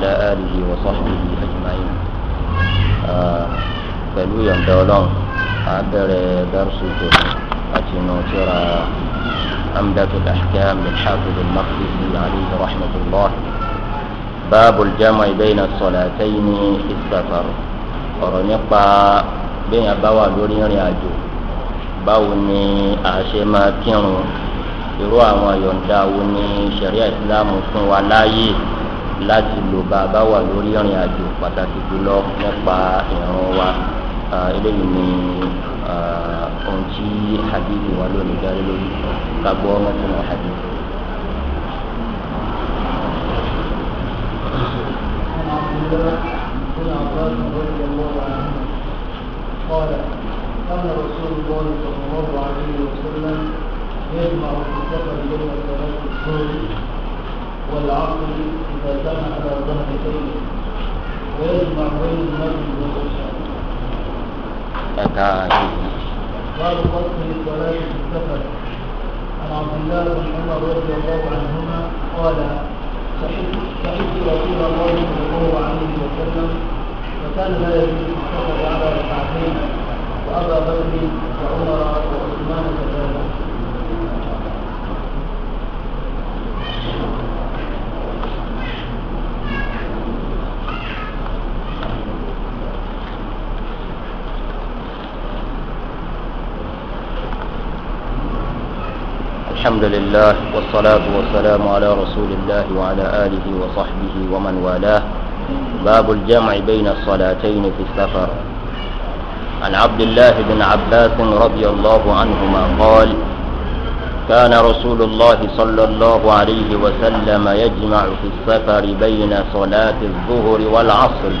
وعلى آله وصحبه أجمعين pẹ̀lú yọ̀ǹda ọlọ́run a bẹ̀rẹ̀ dárúsù tó láti inú tíra amdatul ahkam min hafiz al-maqdisi alayhi rahmatullah báàbù jama ìbẹ́yìnà sọ̀làtẹ́yìn ní ìsàfàr ọ̀rọ̀ nípa bẹ́yìn bá wà lórí ìrìn àjò báwo ni a ṣe máa kírun irú àwọn yọ̀ǹda wo ni sẹ̀ríà ìsìlámù fún wa láàyè láti lò bá a bá wà lórí ìrìn àjò pàtàkì jùlọ nípa ìran wa eléyìí ni ohun tí hadithi wa lónìí dárí lórí ká gbọ́ mọ́tòmọ́ hadithi. قال قال رسول الله صلى والعقل إذا كان على ظهر ويجمع بين المرء والإرشاد. قال فصل الصلاة في السفر عن عبد الله بن عمر رضي الله عنهما قال سحبت رسول الله صلى الله عليه وسلم فكان لا يجوز السفر على ركعتين وابا بكر وعمر وعثمان كذلك الحمد لله والصلاة والسلام على رسول الله وعلى آله وصحبه ومن والاه باب الجمع بين الصلاتين في السفر عن عبد الله بن عباس رضي الله عنهما قال كان رسول الله صلى الله عليه وسلم يجمع في السفر بين صلاة الظهر والعصر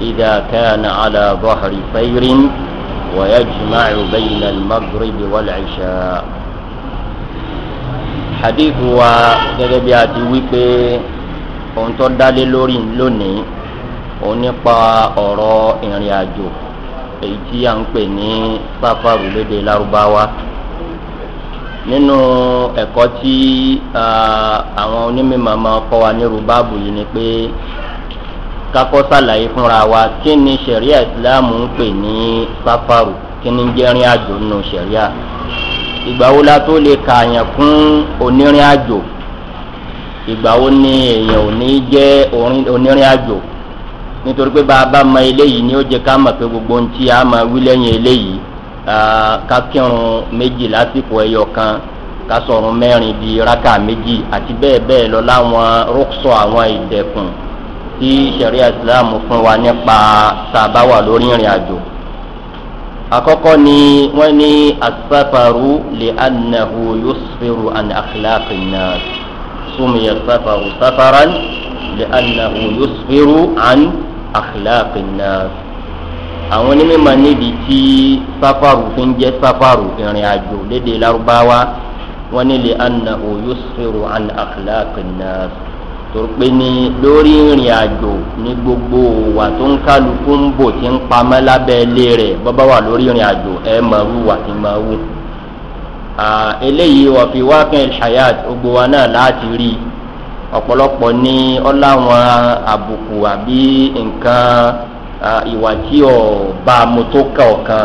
إذا كان على ظهر سير ويجمع بين المغرب والعشاء hadith wa gẹ́gẹ́ bí a ti wí pé ohun tó dálé lórí lónìí òun nípa ọ̀rọ̀ ìrìn àjò èyí tí a ń pè ní sáfàrù lédè lárúbáwá nínú ẹ̀kọ́ tí àwọn onímọ̀ máa kọ́ wa ní rúbáàbù yìí ni pé kakọ́ sàlàyé fúnra wa kí ni sẹ̀ríà ìsìláàmù ń pè ní sáfàrù kí ni jẹ́rìn àjò nínú sẹ̀ríà ìgbà wo la tó lè kààyàn kún onírìn àjò ìgbà wo ni èèyàn ò ní jẹ́ onírìn àjò nítorí pé bàbá mọ eléyìí ni ó jẹ ká mọ̀ pé gbogbo ohun tí a máa wí lẹ́yìn eléyìí ká kírun méjì lásìkò ẹyọ kan ká sọ̀rọ̀ mẹ́rin bíi rákà méjì àti bẹ́ẹ̀ bẹ́ẹ̀ lọ láwọn rọ́ksọ̀ àwọn ìdẹ̀kùn tí sẹ̀ríà islam fún wa nípa tá wà lórí ìrìn àjò àkọ́kọ́ ni wọ́n ní asafaru lè anahu yusfiru an akhlaqi nas sumi asafaru safaran lè anahu yusfiru an akhlaqi nas àwọn onímọ̀ níbi tí safaru fi ń jẹ́ safaru ìrìn àjò léde lárúbáwá wọ́n ní lè anahu yusfiru an akhlaqi torí pé ní lórí ìrìn àjò ní gbogbo wà tó ń kálukú ń bò tí ń pamọ́ lábẹ́ ilé rẹ̀ bọ́bá wà lórí ìrìn àjò ẹ máa wù wà tí máa wù. eléyìí ọ̀fi wákìn ṣayat gbogbo wa náà láti rí ọ̀pọ̀lọpọ̀ ní ọ̀làwọn àbùkù àbí nǹkan ìwà tí ọ̀ bá mu tó kà ọ̀kan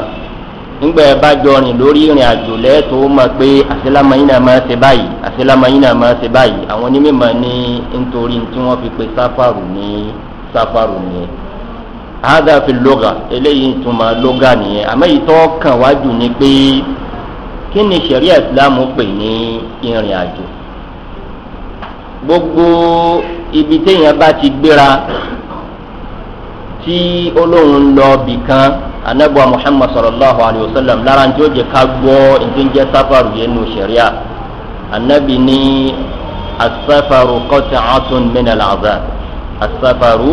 ńgbà ẹ bá jọ rìn lórí ìrìn àjò lẹ́ẹ̀tọ́ mọ̀ pé àṣelámọ́yìn náà máa ṣe báyìí àṣelámọ́yìn náà máa ṣe báyìí àwọn onímọ̀ ní nítorí tí wọ́n fi pe sáfàrù ní sáfàrù nìyẹn. àádá fi lóga eléyìí ìtumọ̀ lóga nìyẹn àmọ́ ìtọ́ kàn wájú ni pé kí ni sẹ̀ríà ìsìlámù pè ní ìrìn àjò. gbogbo ibi téèyàn bá ti gbéra tí olóhùn lọ bìkan anabuwa muhammad sallallahu alayhi wa sallam lára tí ó jẹ ká gbọ́ ìdíjẹ sáfàrù yẹn nù sẹ̀ríà anabi ní asáfàrù kọ́tà àtún mẹ́nà làzà asáfàrù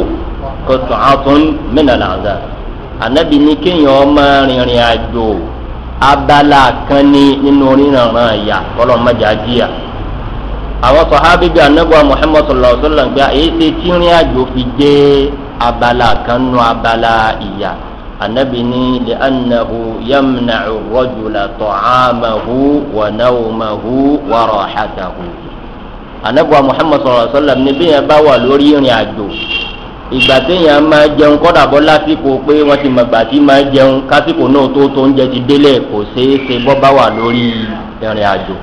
kọ́tà àtún mẹ́nà làzà anabi ní kéèyàn ọmọ rìnrìn àjò abala kan ní nínú oníranran ẹ̀yà kọlọ́mọdé ajíyà àwọn sọ̀hábí bíi anabuwa muhammad sallallahu alayhi wa sallam gba èyí ṣe tí rìn àjò fi dé abala kan nù abala ìyà anabi ní lè anahu yamna rọjula tọ́cámahu wà náwómahu wà rọ̀xatahu. anabi wa muhammad sallallahu alaihi wa sallam ní bí yẹn bá wà lórí ìrìn àjò ìgbà téèyàn máa jẹun kọ́dà bọ́ lásìkò pé wọ́n ti mọ̀gbà tí máa jẹun kásìkò náà tó tó ń jẹ ti délẹ̀ kò ṣeé ṣe bọ́ bá wà lórí ìrìn àjò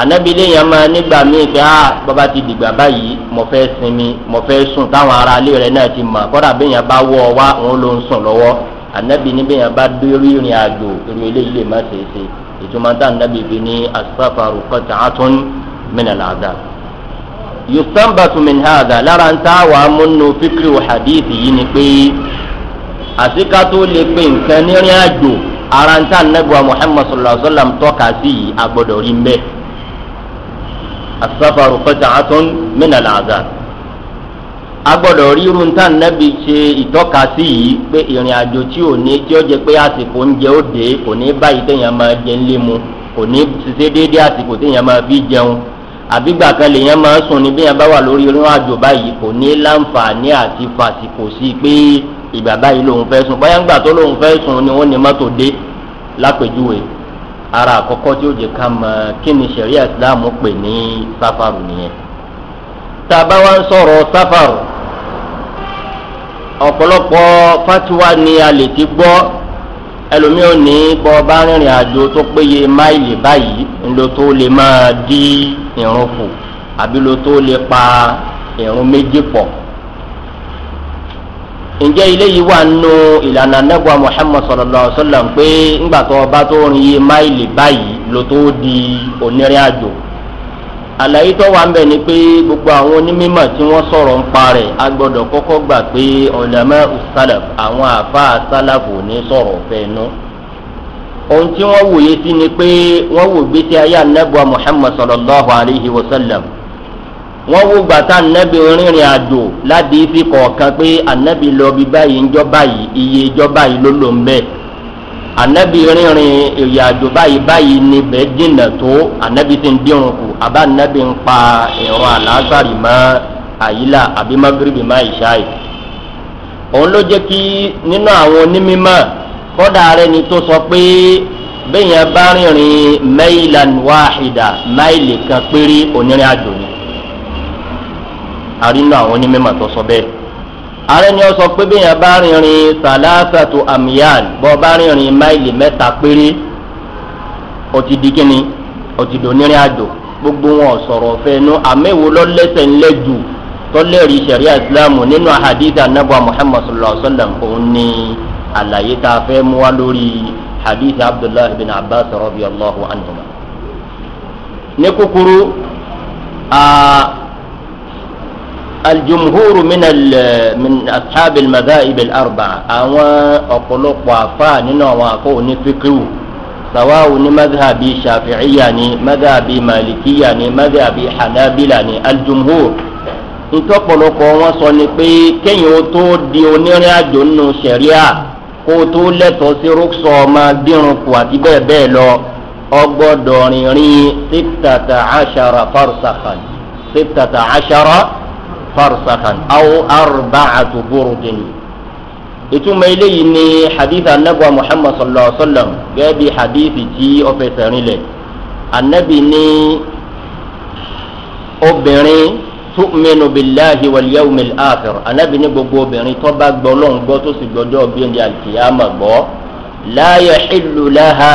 ànábi léèyàn máa nígbà míì pé á bàbá ti dìgbà báyìí mo fẹ́ sinmi mo fẹ́ sùn táwọn ará ilé náà ti mọ̀ kọ́dà béèyàn bá wọ́ ọ wá òun ló ń sùn lọ́wọ́ anabi níbi yẹn bá dórí ìrìn àjò irú eléyìí lè má ṣeé ṣe ìtumọ̀ tá anabi fi ní asafaru kọta atún mìnàlá àdá. yustambatu min hada lára ń tá wàá múnú fíkiri wà hadith yìí ni pé àsìká tó lè pe nǹkan nírìn àjò ara ń tá anabi wa muhammad sallallahu alaihi wa sallam tọ́ka sí yìí agbọ́dọ̀ rí mbẹ́ asafaru kọta atún mìnàlá àdá. agbọ́dọ̀ ríru ń tàn nẹ́bi ṣe ìtọ́ka sí yìí pé ìrìn àjò tí ò ní tí ó jẹ pé àsìkò oúnjẹ ó dé kò ní báyìí téèyàn máa jẹ ń lé mu kò ní ṣiṣẹ́ déédéé àsìkò téèyàn máa fi jẹun ma kan lèèyàn máa ń sùn ní bí yẹn bá wà lórí irun àjò báyìí kò ní láǹfààní àti sí i pé ìgbà báyìí lòun fẹ́ sùn báyà ń gbà tó lòun fẹ́ sùn ni wọ́n ní mọ́tò dé lápèjúwe ara àkọ́kọ́ tí ni sẹ̀ríà pè ní sáfàrù ọ̀pọ̀lọpọ̀ fatiwa ni a lè ti gbọ́ ẹlòmíì ò ní bọ́ bá rìnrìn àjò tó péye máìlì báyìí ńlọ tó lè máa dí ìrun kù àbí lo tó lè pa ìrun méjì pọ̀ ǹjẹ́ ilé yìí wà nù ìlànà nẹ́gbà muhammed sallallahu alaihi wa sallam pé ńgbà tó ọba tó rìn yé máìlì báyìí lo tó di onírìn àjò. àlàyé tó wà ń ni pé gbogbo àwọn onímọ̀ tí wọ́n sọ̀rọ̀ ń pa rẹ̀ a gbọ́dọ̀ kọ́kọ́ gbà pé ọ̀làmọ́ salaf àwọn àfáà salaf ní sọ̀rọ̀ ohun tí wọ́n wòye sí ni pé wọ́n wò gbèsè ayé anábọ̀ muhammad sallallahu alayhi wa sallam wọ́n wò gbàtà anábì rìnrìn àjò ládìí fi kọ̀ọ̀kan pé anábì lọ bí báyìí iye ìjọ báyìí ló lò anabi rìnrìn ìrìn àjò báyìí báyìí ni bẹ́ẹ̀ dènà tó anabi ti ń dírun kù àbá anabi ń pa ẹ̀rọ àlásàrì mọ́ àyílà àbí magrebi mọ́ ìṣáì òun ló jẹ́ kí nínú àwọn onímọ̀ kọ́dà rẹ̀ ni tó sọ pé bẹ́yẹn bá rìnrìn mẹ́ìlán wáhìdà máìlì kan péré onírìn àjò ni àrínú àwọn onímọ̀ tó sọ bẹ́ẹ̀ ààrẹ ni ó sọ pé bẹ́ẹ̀ bá rìnrìn sàlásàtò amíyàn bọ́ bá rìnrìn máìlì mẹ́ta péré ó ti di kíni ó ti dò nírìn àjò gbogbo wọn sọ̀rọ̀ fẹ́nu àmẹ́wò lọ́lẹ́sẹ̀ ńlẹ́ tọ́lẹ́rì sẹ̀ríà ìsìláàmù nínú àhàdídà nàbà muhammad sallallahu alayhi wa sallam òun ni àlàyé tá a fẹ́ mú wa lórí hadith abdullahi bin abbas rabi allahu anhu. ní kúkúrú aa. الجمهور من ال من أصحاب arbaa الأربعة أو afa nínú àwọn afọ onífikiru sawawu ni madhabi shafi'iya ni madhabi malikiya ni madhabi hanabila ni aljumhur ntọ́pọ̀lọpọ̀ wọn sọ ni pé kéèyàn ó tó di onírìn àjò nínú sẹ̀ríà kó o tó lẹ́tọ̀ọ́ sí rúkṣọ ọmọ dírùnkù àti bẹ́ẹ̀ bẹ́ẹ̀ lọ ọgbọ́dọ̀ rìnrìn sítàtà àṣàrà farsakhan sítàtà àṣàrà farsakhan aw arba'atu burdin ìtumọ̀ eléyìí ni hadith anabuwa muhammad sallallahu alaihi wa sallam gẹ́gẹ́ bí hadith tí ó fẹsẹ̀ rinlẹ̀ anabi ní obìnrin tu'minu billahi wal yawmil akhir anabi ní gbogbo obìnrin tó bá gbọ́ lóhùn gbọ́ tó sì gbọ́jọ́ bí ẹni àlùkìyàmà gbọ́ la yahillu laha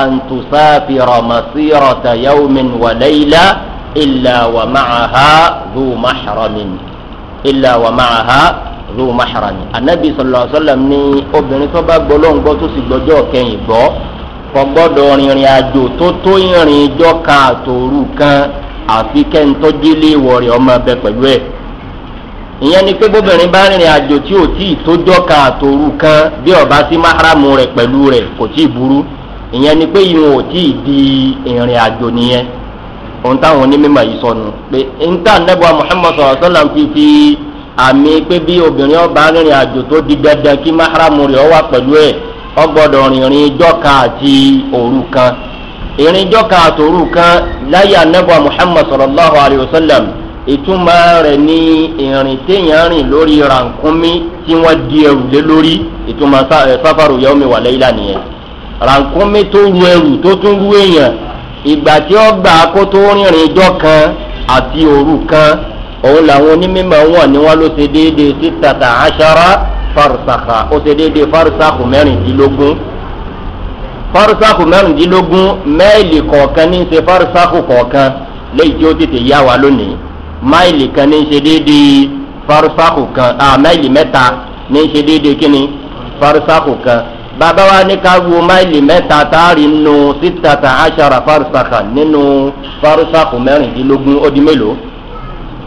an tusafira masirata yawmin wa layla illa wa ma'aha dhu mahramin illa wa ma'aha dhu mahramin anabi sallallahu alaihi wasallam ní obìnrin tó bá gbọ́ lóhùn gbọ́ tó sì gbọ́jọ́ kẹ́yìn gbọ́ kò gbọ́dọ̀ rìnrìn àjò tó tó ìrìn ìjọ kan àtòru kan àfi kẹ́ńtọ́jẹ́lé wọ̀rẹ̀ ọmọ bẹ pẹ̀lú ẹ̀ ìyẹn ni pé bóbìnrin bá rìnrìn àjò tí ò tí ì tójọ́ ka àtòru kan bí ọba sí máhàrámù rẹ̀ pẹ̀lú rẹ̀ kò tí ì burú ìyẹn ni pé ìwọ̀n ò tí ì di ìrìn àjò nìyẹn ohun táwọn onímọ̀ yìí sọnù pé níta nẹ́bọ̀ muhammed sọ̀rọ̀ sọ́là ń fi fi àmì pé bí obìnrin ọba rìnrìn àjò tó di dandan kí mahram rẹ̀ ọ wà pẹ̀lú ẹ̀ ọ gbọ́dọ̀ rìnrìn jọ́ka àti òru kan ìrìn jọ́ka àti òru kan láyà nẹ́bọ̀ muhammed sọ̀rọ̀ lọ́hùn àríwọ̀sọ́làm ìtumọ̀ rẹ̀ ní ìrìn téèyàn rìn lórí rànkúnmí tí wọ́n di ẹrù lé lórí ìtumọ̀ sáfàrò yẹ́wọ́mi wà lẹ́yìn lánìyẹn rànkúnmí tó ru ẹrù tó tún rú èèyàn ìgbà tí ó gbà kó tó rìnrìn ijọ́ kan àti òru kan òun làwọn onímọ̀ wọn ni wọ́n ló ṣe déédéé títàtà aṣara farisaka ó ṣe déédéé farisaku mẹ́rìndínlógún farisaku mẹ́rìndínlógún mẹ́ẹ̀lì kọ̀ọ̀kan ní í ṣe farisaku kọ̀ọ̀kan léyìí tí ó tètè yá wa lónìí máìlì kan ní í ṣe déédéé farisaku kan ah máìlì mẹ́ta ní í ṣe déédéé kíni farisaku kan bàbá wa ní ká wo máìlì mẹ́ta táàrí nù sítàtà àṣàrà fárúsàkà nínú fárúsàkù mẹ́rìndínlógún ó di mélòó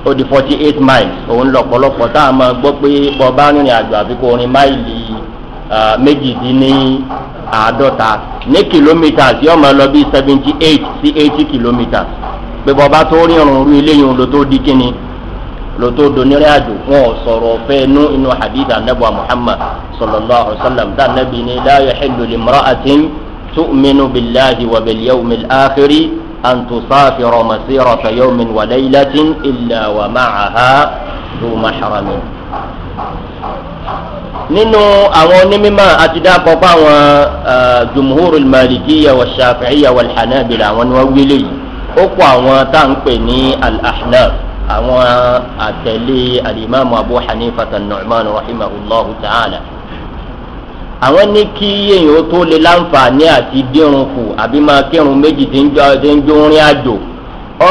ó di forty eight miles òun lọ̀pọ̀lọpọ̀ tá a máa gbọ́ pé bọ́ọ̀bá rìnrìn àjò àfikún orin máìlì méjì dín ní àádọ́ta ní kìlómítàs máa lọ bí seventy eight sí eighty kìlómítàs pé bọ́ọ̀bá tó rìnrìn orí eléyìí ló tó di kíni ló tó do nírìn àjò wọn ò sọ̀rọ̀ fẹ́ nú inú hadith anabu muhammad sallallahu alayhi wa sallam tá nàbí ni la yahillu limra'atin tu'minu billahi wa bil yawmil akhiri an tusafira masirata yawmin wa laylatin illa wa ma'aha dhu mahramin nínú àwọn onímọ̀ àti dáàbò bá àwọn jumhurul malikiya wa shafi'iya wa hanabila àwọn ni wọ́n wílé yìí ó kó àwọn tá à al-ahnaf àwọn àtẹ̀lé alimami abu hanifa tan nu'man rahimahullahu ta'ala àwọn ní kí èyàn ó tó lè láǹfààní àti dírun kù àbí máa kírun méjì tí ń àjò ọ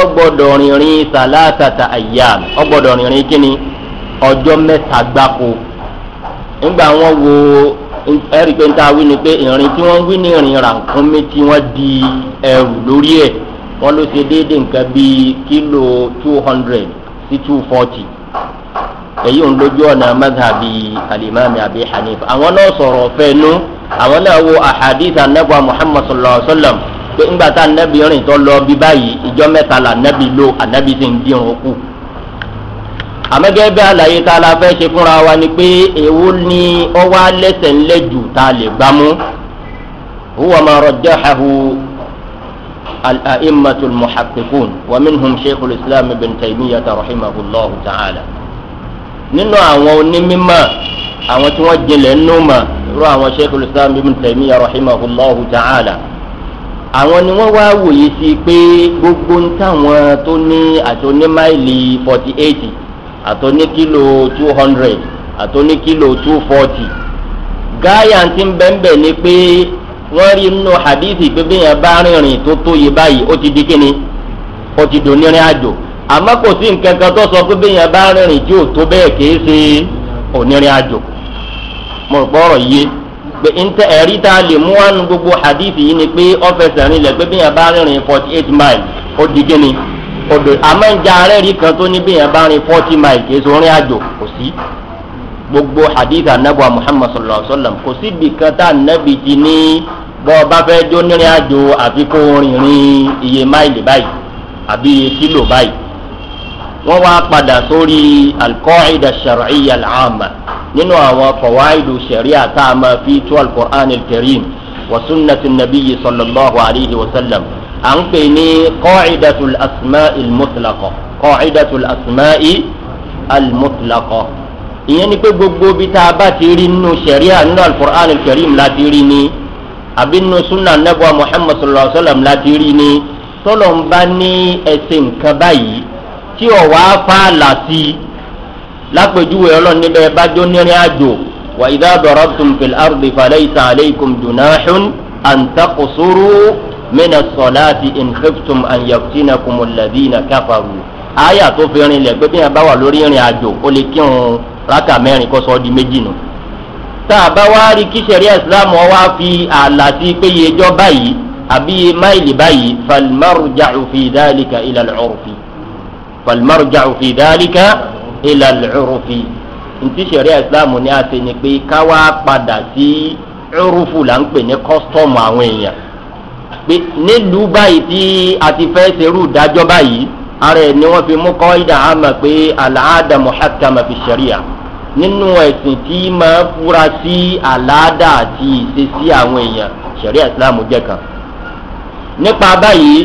rìnrìn sàlátàtà àyà ọ rìnrìn kíni ọjọ mẹ́ta gbáko nígbà wọn wo ẹrí pé níta wí ni tí wọ́n wí ní ìrìn tí wọn di ẹrù lórí ló ṣe déédéé èyí ń lójú ọ̀nà madhabi alimami abi hanif àwọn náà sọ̀rọ̀ fẹ́nu àwọn náà wo ahadith anabuwa muhammad sallallahu alayhi wa sallam pé ńgbà tá anabi rìn tó lọ bí báyìí ìjọ mẹ́ta la anabi lo anabi sì ń dírun kù. àmọ́gẹ́ àlàyé tá a la fẹ́ ṣe fúnra wa ni pé èwo ni ọ wá lẹ́sẹ̀ ńlẹ̀ jù tá a lè gbámú. huwa ma rajjahahu al-a'immatul muhakkikun wa minhum sheikhul islam ibn taymiyyah rahimahullahu ta'ala nínú àwọn onímọ̀ àwọn tí wọ́n jinlẹ̀ nù mọ̀ irú àwọn sheikhul islam ibn taymiya rahimahullahu ta'ala àwọn ni wọ́n wá wòye sí pé gbogbo ń táwọn tó ní àtọ́nímáìlì forty eight àtọ́níkìlò two hundred àtọ́níkìlò two forty gáyà ti ń bẹ́ńbẹ́ ni pé wọ́n rí inú hadithi pé bí yẹn bá rìnrìn tó tó yẹ báyìí ó ti di kíni ó ti dònírin àjò àmọ́ kò sí nǹkan kan tó sọ pé bẹ́yẹn bá rìnrìn jò tó bẹ́ẹ̀ kìí ṣe onírin àjò mo rò pọ́rọ̀ yé pé ntẹ ẹ̀rí tá a lè mú wá gbogbo hadith yìí ni pé ọ́fẹ̀sẹ̀ rìn lẹ̀ pé bẹ́yẹn bá rìnrìn forty eight mile ó di gíní odò àmọ́ ń jẹ́ arẹ́rìí kan tó ní bẹ́yẹn bá rìn forty miles kìí ṣe onírin àjò kò sí gbogbo hadith anabuwa muhammad sallallahu alaihi wa sallam kò síbi kan tá anabi ti ní bọ́ ọ bá fẹ́ jó nírin àjò àfikún rìnrìn iye máìlì báyìí àbí iye kílò báyìí wọ́n wá padà sórí alkọ́ìdà sàrẹ́yà làámà nínú àwọn kọ̀wáìdù sẹ̀ríà tá a máa fi tú alkùránì kẹrìm wàsúnnàtì nàbíyí sọlọ́lọ́hu àríyí wasálàm à ń pè ní kọ́ìdà tul asmá ilmùtìlákọ̀ kọ́ìdà tul asmá ilmùtìlákọ̀ ìyẹn ni pé gbogbo bí tá a bá ti rí nínú sẹ̀ríà nínú alkùránì kẹrìm láti rí ni àbí nínú súnà nàbọ̀ muhammad sọlọ́ọ̀sọ́làm láti rí ni tọ́lọ̀ ń bá ní ẹ̀sìn nǹkan báyìí tí ò wá fààlà sí i lápèjúwe ọlọ́run níbẹ̀ bá jó nírin àjò wà ìdá dọ̀rọ̀ tùǹfìl àrùbí fàlẹ́ ìsàn àlẹ́kùn dùnáhùn àǹtakùsùrù mẹ́nà sọ̀láàtì ìnkìftùm àǹyàkùtìnàkùm ọ̀làdínà káfàrù. àyà tó fi rinlẹ̀ pé bí wọ́n bá wà lórí ìrìn àjò ó lè kírun rákà mẹ́rin kó sọ ọ́ di méjì nù. tá a bá wá rí kí sẹ̀rí islam wá fi ààlà sí pé ẹjọ́ báyìí àbí máìlì báyìí falmarujá òfin ìdálẹ́kà ìlànà ọ̀rùfin falmarja fi dálíkà ilà lùrùfì ntí sẹ̀ríà ìsìláàmù ni a ti ní pé káwá padà sí lùrùfù là ń pè ní kọ́sítọ́ọ̀mù àwọn èèyàn pé nílùú báyìí tí a ti fẹ́ serú ìdájọ́ báyìí ara ẹ̀ ni wọ́n fi mú kọ́ ìdá àmà pé àlàáda muhakama fi sẹ̀ríà nínú ẹ̀sìn tí máa fura sí àlàáda àti ìṣesí àwọn èèyàn sẹ̀ríà ìsìláàmù jẹ́ kan nípa báyìí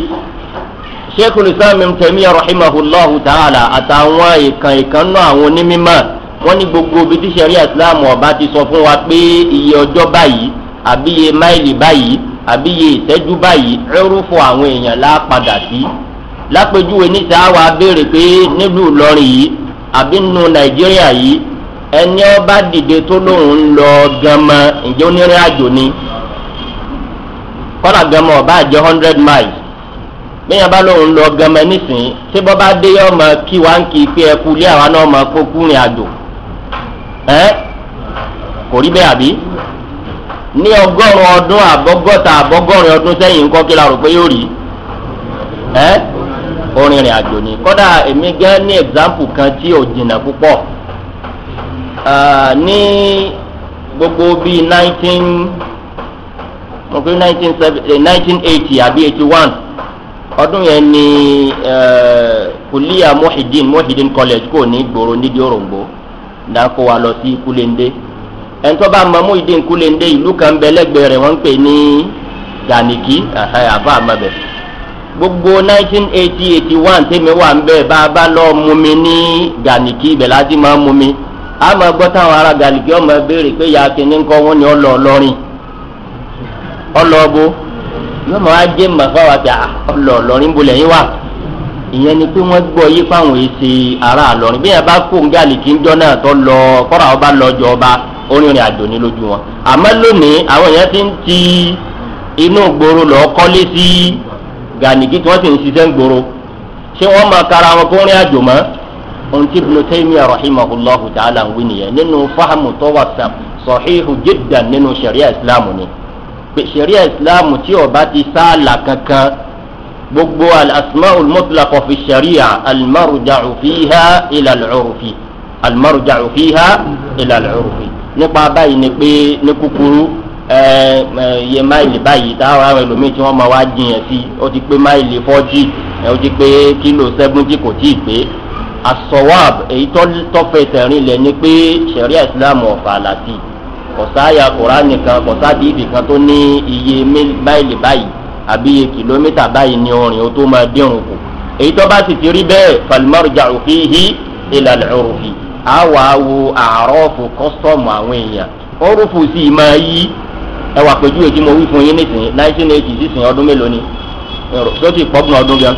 sheikhul islam ibn taymiya rahimahullahu ta'ala àtàwọn ìkan ìkan náà àwọn onímọ̀ wọ́n ní gbogbo ibi tí sẹ́ríà islam ọba ti sọ fún wa pé iye ọjọ́ báyìí àbí iye máìlì báyìí àbí iye ìtẹ́jú báyìí ẹrúfọ àwọn èèyàn la padà sí lápèjúwe níta wa béèrè pé nílùú ìlọrin yìí àbí nù nàìjíríà yìí ẹni ọba dìde tó lóun lọ gánmọ ǹjẹ́ onírìn àjò ni kọ́lá gánmọ ọba àjẹ́ hundred miles bẹ́ẹ̀ bá lóun lọ gẹmẹ nísìnyí tí bọ́ bá dé yọ ọmọ kí wá ń kí i pé ẹkú lé àwa náà mọ̀ kó kúrin àjò kò rí bẹ́ẹ̀ àbí ní ọgọ́rùn ọdún àbọ́gọ́ta àbọ́gọ́rin ọdún sẹ́yìn ńkọ́ kí la rò pé yóò rí orin rìn àjò ni kọ́dà èmi gẹ́ ní example kan tí ò jìnnà púpọ̀ ní gbogbo bíi nineteen mo nineteen seventy eh, nineteen eighty àbí eighty one. ọdún yẹn ni kuliya muhidin muhidin college kò ní gbòòrò nídìí òròǹgbò náà kó wa lọ sí kulende ẹnitọ́ bá mọ muhidin kulende ìlú kan bẹ lẹ́gbẹ̀ẹ́ rẹ̀ wọ́n ń pè ní ganiki àfa àmàbẹ̀ gbogbo 1981 81 tẹ́mi wà ń bẹ̀ bá a bá lọ mú mi ní ganiki ibẹ̀ láti máa mú mi a máa gbọ́ táwọn ará ganiki ọmọ béèrè pé ya kìnnìkan wọn ni ọlọ́ọ̀lọ́rin ọlọ́ọ̀bó. yóò máa jẹ́ màfá wa ah, gbà lọ lọ́rin bolẹ̀ yín wà ìyẹn ni pé wọ́n gbọ́ yí fáwọn èsì ara àlọ́rin bí yẹn bá kó nǹkan àlìkí ń jọ náà tó lọ kọ́ra ọba lọ jọ ọba orin àjò ní lójú wọn àmọ́ lónìí àwọn èèyàn ti ń ti inú gbòòrò lọ kọ́lé sí gànìkí tí wọ́n sì ń ṣiṣẹ́ gbòòrò ṣé wọ́n máa kara wọn kó rin àjò mọ́ ohun tí ibùdó tẹ́mi rahimahulahu ta'ala ń wí nìyẹn nínú fáhàmù tó wà sàhihu jiddan nínú sariya islam ni sẹ̀rí ìsìláàmù tí ọba ti sáàlà kankan gbogbo alasmaul mutlaq fi sariya almarujacu fiha ila alcurufi almarujacu fiha ila alcurufi nípa báyìí ni pé ní kúkúrú iye máìlì báyìí táwọn àwọn ẹlòmíì tí wọ́n máa wá jiyàn sí ó ti pé máìlì fọ́jì ó ti pé kílò sẹ́gúnjì kò tí ì pé asọ̀wáàb èyí tó fẹsẹ̀ lẹ̀ ni pé sẹ̀rí ìsìláàmù ọ̀fà àlàtì kọ̀sáyà kùránì kan kọ̀sáàdì ibì kan tó ní iye máìlì báyìí àbí iye kìlómítà báyìí ní orin o tó máa dírun kù èyí tó bá sì ti rí bẹ́ẹ̀ falimọ́rìjà òfin yìí ìlànà òrùfin a wà wo àárọ̀fù kọ́sítọ́ọ̀mù àwọn èèyàn òrùfù sì máa yí ẹwà pẹ̀jú èyí mo wí fún yín nísìnyí nineteen eighty sísìn ọdún mélòó ni tó ti pọ́gbọ̀n ọdún gan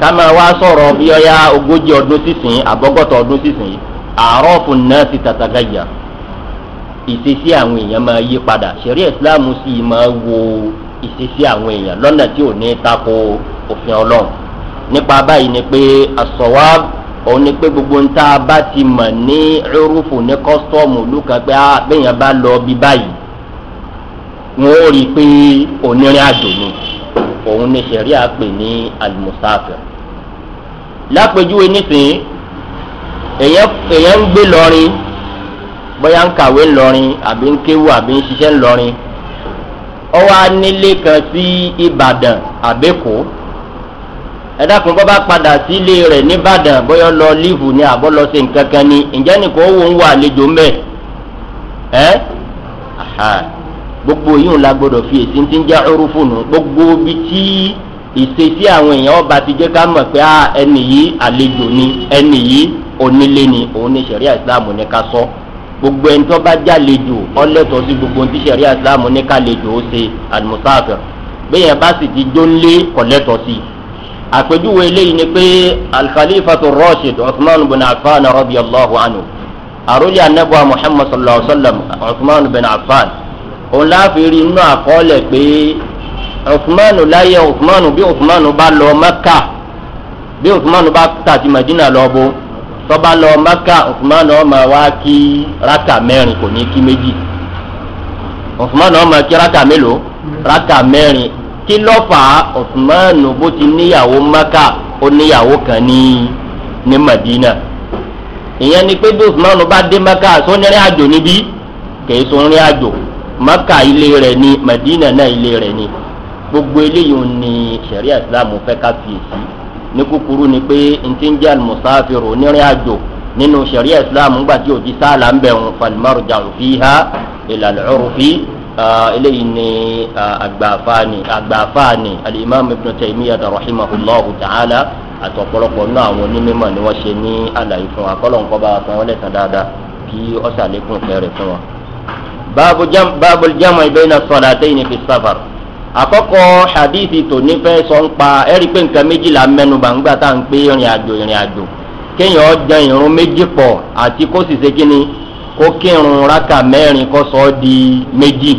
ká máa sọ̀rọ̀ bí ọya ogójì ọdún sísìn àbọ́gọ́tọ̀ ọdún sísìn àárọ̀fù náà ti tàtàgàyà ìṣesí àwọn èèyàn máa yí padà ṣẹ̀rí ìsìláàmù sì máa wo ìṣesí àwọn èèyàn lọ́nà tí ò ní tako òfin ọlọ́run nípa báyìí ni pé àsọ̀wá òun ni pé gbogbo ń tá a bá ti mọ̀ ní rúrùfù ní kọ́sítọ́ọ̀mù lùkàn pé àbẹ̀yàn ah, bá lọ bí báyìí wọn ó rí i pé onírìn àjò ni òun ni ṣẹ̀rí àpè ní alimusafir lápèjúwe nísìnyí èèyàn ń gbé lọrin bóyá ń kàwé ńlọrin àbí ń kéwù àbí ń ṣiṣẹ́ ńlọrin ọ wá nílé kan sí ìbàdàn àbẹ́kọ́ ẹ̀dàkùn bọ́ bá padà sílé rẹ̀ nìbàdàn bóyá lọ líìfù ni àbọ̀ lọ sí nǹkan kan ni ǹjẹ́ nìkan ó wò ń wà àlejò mẹ́ ẹ́ gbogbo yìí la gbọdọ̀ fi èsì ti ń jẹ́ ọrùfóònù gbogbo bí tí ìṣesí àwọn èèyàn ọba ti jẹ́ ká mọ̀ pé ẹnì yìí àlejò ni ẹnì yìí onílé ni òun ni sẹ̀ríà ìsìláàmù ni ká sọ. So gbogbo ẹni tó bá jálejò ọlẹ́tọ̀ọ́ sí gbogbo ohun tí sẹ̀rí àsìlámù ní kálejò ó ṣe àlùmùsáàfẹ̀ bẹ́ẹ̀ yẹn bá sì ti dónlé kọ̀lẹ́tọ̀ọ́ sí i àpèjúwe eléyìí ni pé alkhalifatu rashid usman bin affan radiyallahu anhu àròlé anabuwa muhammad sallallahu alaihi wa sallam usman bin affan òun láàfin rí inú tọ́ba lọ maka ọ̀fùmánà ọmọ wa kí raka mẹ́rin kò ní kí méjì ọ̀fùmánà ọmọ kí raka mélòó raka mẹ́rin kí lọ́fà ọ̀fùmánà bó ti níyàwó maka ó níyàwó kan ní ní madina ìyẹn ni pé bí ọ̀fùmánà bá dé maka sónírin àjò níbí kìí sónírin àjò maka ilé rẹ̀ ni madina náà ilé rẹ̀ ni gbogbo eléyìí ni sẹ̀ríà islam fẹ́ ká fi èsì ní kúkúrú ni pé ntí ń jẹ́ almusafiru onírìn àjò nínú sariya islam ńgbà tí o ti sáàlà ń bẹ̀rù falimaru jàrú fi ha ìlànà ọ̀rọ̀ fi eléyìí ni àgbàfáàni àgbàfáàni alimami ibn taymiyah rahimahullahu ta'ala àti ọ̀pọ̀lọpọ̀ náà àwọn onímọ̀ ni wọ́n ṣe ní àlàyé fún wa kọ́lọ̀ bá san wọ́n lẹ́sàn dáadáa kí ọ̀sà lẹ́kùn fẹ́ fún wa. báàbù jámọ̀ ìbẹ́yìn náà sọ̀rọ̀ àtẹ́yìn ní fi sáfàrù àkọ́kọ́ hadithi tòní fẹ́ sọ ń pa ẹ̀rí pé nǹkan méjìlá mẹ́nuba ńgbà tá à ń pé ìrìn àjò ìrìn àjò kéèyàn jẹ ìrún méjì pọ̀ àti kó sì ṣe kíni kó kírun rákà mẹ́rin kó sọ ọ́ di méjì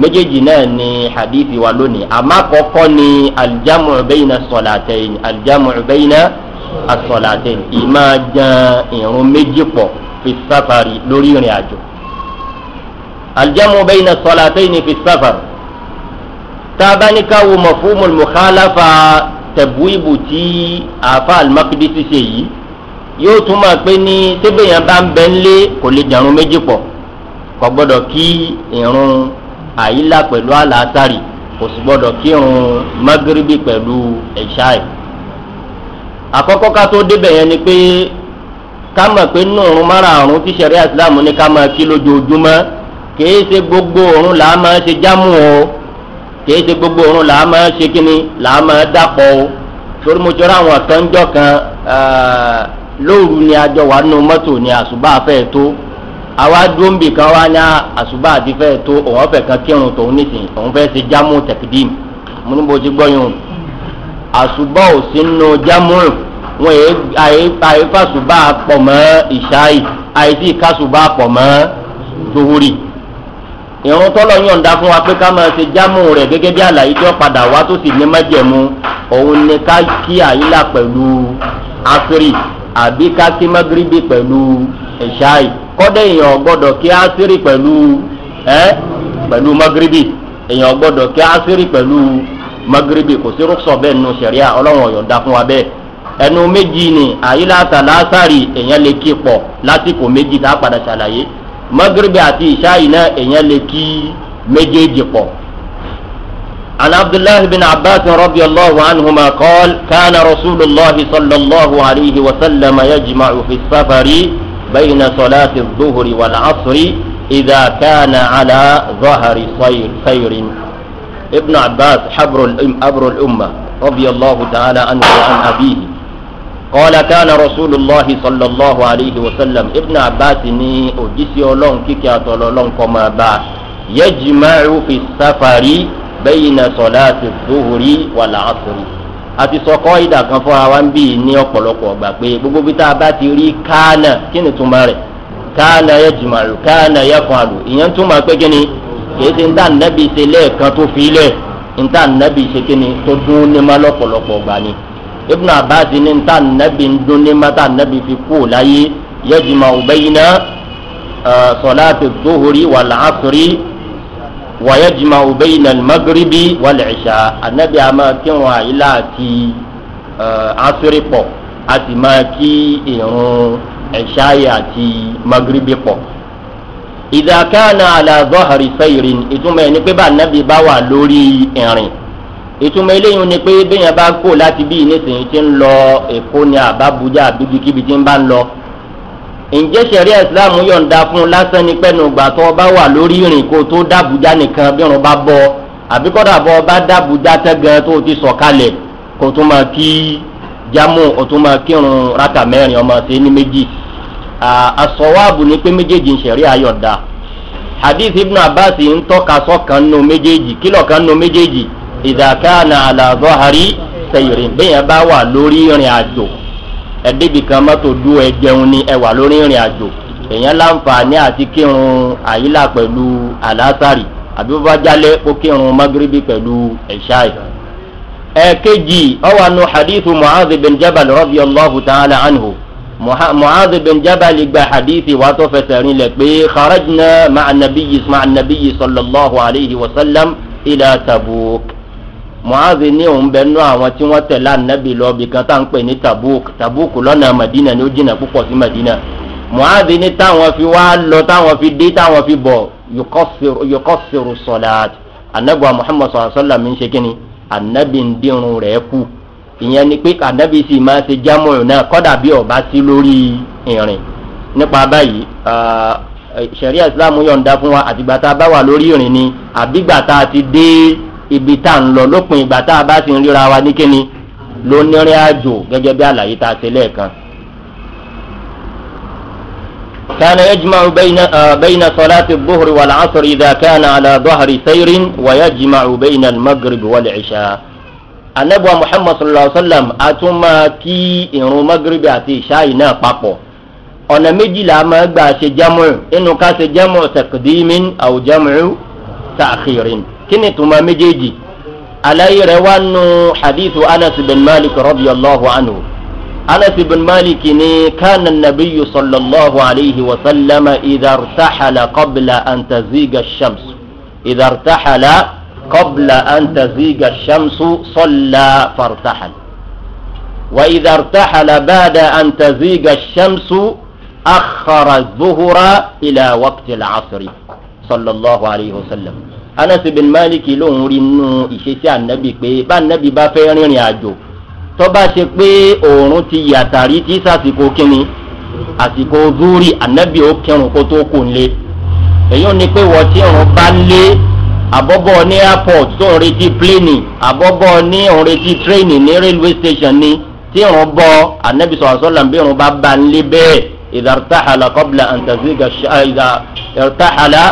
méjèèjì náà ni hadithi wa lónìí àmọ́ àkọ́kọ́ ni alijamu bẹ́yìnà sọ̀làtẹ̀yìn alijamu bẹ́yìnà asọ̀làtẹ̀yìn ìmọ̀ jẹ ìrún méjì pọ̀ fi sáfàrí lórí ìrìn àjò alijamu bẹ́yìnà sọ̀làtẹ̀yìn fi sáfàrí tábánikà wo mafhumul mukhalafa tẹ̀búìbù tí àáfà al-Maqdisi ṣe yìí yóò tún máa pé ní tẹ́bẹ̀yàn bá ń bẹ́ ń lé kò lè jẹun méjì pọ̀ kò gbọ́dọ̀ kí irun àyílà pẹ̀lú àlàátàrí kò sì gbọ́dọ̀ kí irun magiribi pẹ̀lú ẹ̀ṣáì àkọ́kọ́ ká tó débẹ̀ yẹn ni pé ká mọ̀ pé nínú irun márààrún tí sẹ̀rí àsìlámù ní ká máa kí lójoojúmọ́ kì í ṣe gbogbo òrun là á máa ṣe o kìí ṣe gbogbo òun làá máa ṣe kíni làá máa dàpọ̀ o torí mo jọra àwọn kan jọ kan lóru ni àjọ wà nù mọ́tò ni àṣùbà fẹ́ tó àwa dúró nbì kan wá ní àṣùbà àti fẹ́ tó òun fẹ́ kan kírun tòun nísìnyí òun fẹ́ ṣe jámù tẹ̀kídìm mo ní bó ti gbọ́ yun àṣùbà ò sí nù jámù wọn àyè fàṣùbà pọ̀ mọ́ ìṣáì àyè sì kásùbà pọ̀ mọ́ tòwúrì ìrun tọ́lọ̀ yọ̀ǹda fún wa pé ká máa ṣe jámù rẹ̀ gẹ́gẹ́ bí àlàyé tí ó padà wá tó sì ní májẹ̀mú òun ni ká kí àyílà pẹ̀lú asiri àbí ká kí magrebi pẹ̀lú ìṣáì kọ́dẹ̀ èèyàn gbọ́dọ̀ kí asiri pẹ̀lú ẹ́ pẹ̀lú magribi èèyàn gbọ́dọ̀ kí asiri pẹ̀lú magribi kò sí rúkṣọ bẹ́ẹ̀ nù sẹ̀ríà ọlọ́run ọ̀yọ̀ǹda fún wa bẹ́ẹ̀ ẹnu méjì ni àyílà tàlásàrì èèyàn lè kí pọ̀ lásìkò méjì tá a padà ṣàlàyé magrebi àti ìṣáyìí náà èèyàn lè kí méjèèjì pọ̀. عن عبد الله بن عباس رضي الله عنهما قال كان رسول الله صلى الله عليه وسلم يجمع في السفر بين صلاة الظهر والعصر إذا كان على ظهر صير خير ابن عباس حبر الأم الأمة رضي الله تعالى عنه وعن أبيه kọ́lá kánà rasulillahi sallallahu alayhi wa sallam ibn abbas ní òjísé ọlọ́run kíkẹ́ àtọ̀lọ́ ọlọ́run kọ́ máa bá yẹ́jìmáàrú fi sáfàrí bẹ́yìn náà sọ̀lá àti zuhuri wà láàkúrú àti sọkọ́ ìdà kan fúnra wa ń bì ní ọ̀pọ̀lọpọ̀ ọgbà pé gbogbo bí tá a bá ti rí kánà kí ni túmọ̀ rẹ̀ kánà yẹ́jìmáàrú kánà yẹ́fọ̀ọ́lù ìyẹn túmọ̀ pé kí ni kìí ṣe ntá nàbì ṣe lẹ́ẹ̀kan tó fi lẹ̀ ntá nàbì ṣe kí ni tó dún ní ma lọ́pọ̀lọpọ̀ gbà ni ibn abbas ní ta nàbì ń dún ní mọ́tà nàbì fi kú láyé yẹ́jìmọ̀ ọ̀bẹ́yìnà uh, sọ̀láàtì tóhùrí wà láàkúrí wàyẹ́jìmọ̀ ọ̀bẹ́yìnà magrebi wà lẹ́ṣà ànábì àmọ́ kí wọn àyílá àti uh, asúrí pọ̀ a sì máa kí ìrún ẹ̀ṣá àti magrebi pọ̀ ìdàkánà àlàzọ́ àrísẹ́ ìrìn ìtumọ̀ ẹni pé bá ànábì bá wà lórí ìrìn. ìtumọ̀ eléyìí ni pé bẹ́yẹn bá kó láti bí nísìnyí ti ń lọ èkó ni àbábújá ti ń bá ń lọ ǹjẹ́ sẹ̀rí islam yonda fún lásán ni pẹ́ẹ́nu ìgbà tó ọba wà lórí ìrìn kó tó nikan nìkan bí irun bá bọ́ àbí kọ́dà bọ́ ọba tẹ́gàn tó ti sọ̀kalẹ̀ kó tó máa kí jámù ó tó máa kírun rákà mẹ́rin ọmọ ṣe ní méjì ni pé méjèèjì sẹ̀rí hadith ibn abbas kan nù méjèèjì ìdàkánà àlàbọ̀hárí sẹ̀yìn bẹ́yẹn bá wà lórí ìrìn àjò ẹ̀dẹ́bì kan mọ́tò dú ẹ jẹun ni ẹ wà lórí ìrìn àjò èèyàn láǹfààní àti kírun àyílà pẹ̀lú àlásàrì àbí bó bá jálẹ̀ ó kírun magrebi pẹ̀lú ẹ̀ṣáì. ẹ̀ẹ́kejì ọwọ́ anu hadithu muhammed bin jabal rabi allahu ta'ala anhu muhammed bin jabal gba hadithi wa tó fẹsẹ̀ rinlẹ̀ pé kharajna ma'a nabiyyi sallallahu alayhi wa sallam ila tabuk muhazi ní òun bẹ nú àwọn tí wọ́n tẹ̀lé anabi lọ bí kan tá à pè ní tabuk tabuk lọ́nà madina ni ó jìnnà púpọ̀ sí madina muhazi ní táwọn fi wá lọ táwọn fi dé táwọn fi bọ̀ yòkọ́sirù sọ̀láàt anabi wa muhammad sọ̀rọ̀ sọ́lá mi ń ṣe kíni anabi ń dírun rẹ̀ kú ìyẹn ni pé anabi sì máa ṣe jámọ̀ náà kọ́dà bí ọba sí lórí ìrìn nípa báyìí sẹ̀ríà islam yọ̀ǹda fún wa àtìgbà tá a bá wà lórí ìrìn ni àbígbà tá a ti dé ibi tá à ń lọ lópin ìgbà tá a bá ti ń ríra wa ní kíni lónírìn àjò gẹ́gẹ́ bí àlàyé tá a ṣe lẹ́ẹ̀kan. كان يجمع بين بين صلاة الظهر والعصر إذا كان على ظهر سير ويجمع بين المغرب والعشاء anabuwa muhammad sallallahu alaihi wa sallam a tún máa kí irun magrebi àti ìṣáì náà papọ̀ ọ̀nà méjìlá máa gbà ṣe jámù inú ká ṣe jámù taqdimin aw jámù ta'khirin. kíni tuma méjèèjì alayi rẹ wá hadithu anas bin malik radiyallahu anhu anas bin malik ni kana nabiyu sallallahu alayhi wa sallama idha idartaxala qabla an taziga shams idartaxala qabla an taziga shamsu salla fartahal wa fartaxal وإذا ارتحل بعد أن تزيغ الشمس أخر ila إلى al العصر sallallahu alayhi wa sallam anasi bin maliki lòun rí inú ìṣesí anabi pé bá anabi bá fẹ́ rìnrìn àjò tó bá ṣe pé òòrùn ti yàtàrí tí sàsìkò kínní àsìkò zúrì anabi ó kírun kó tó kò lé èyí ò ní pé wọ́n tí òòrùn bá lé àbọ̀bọ̀ ní airport tó ń retí pléènì àbọ̀bọ̀ ní òun retí tréènì ní railway station ni tí òun bọ́ anabi sọ̀rọ̀ sọ́lá bí òun bá bá ń lé bẹ́ẹ̀ ìdàrútàhálà kọ́bìlà àǹtàzígà ṣáà ìdàrútàhálà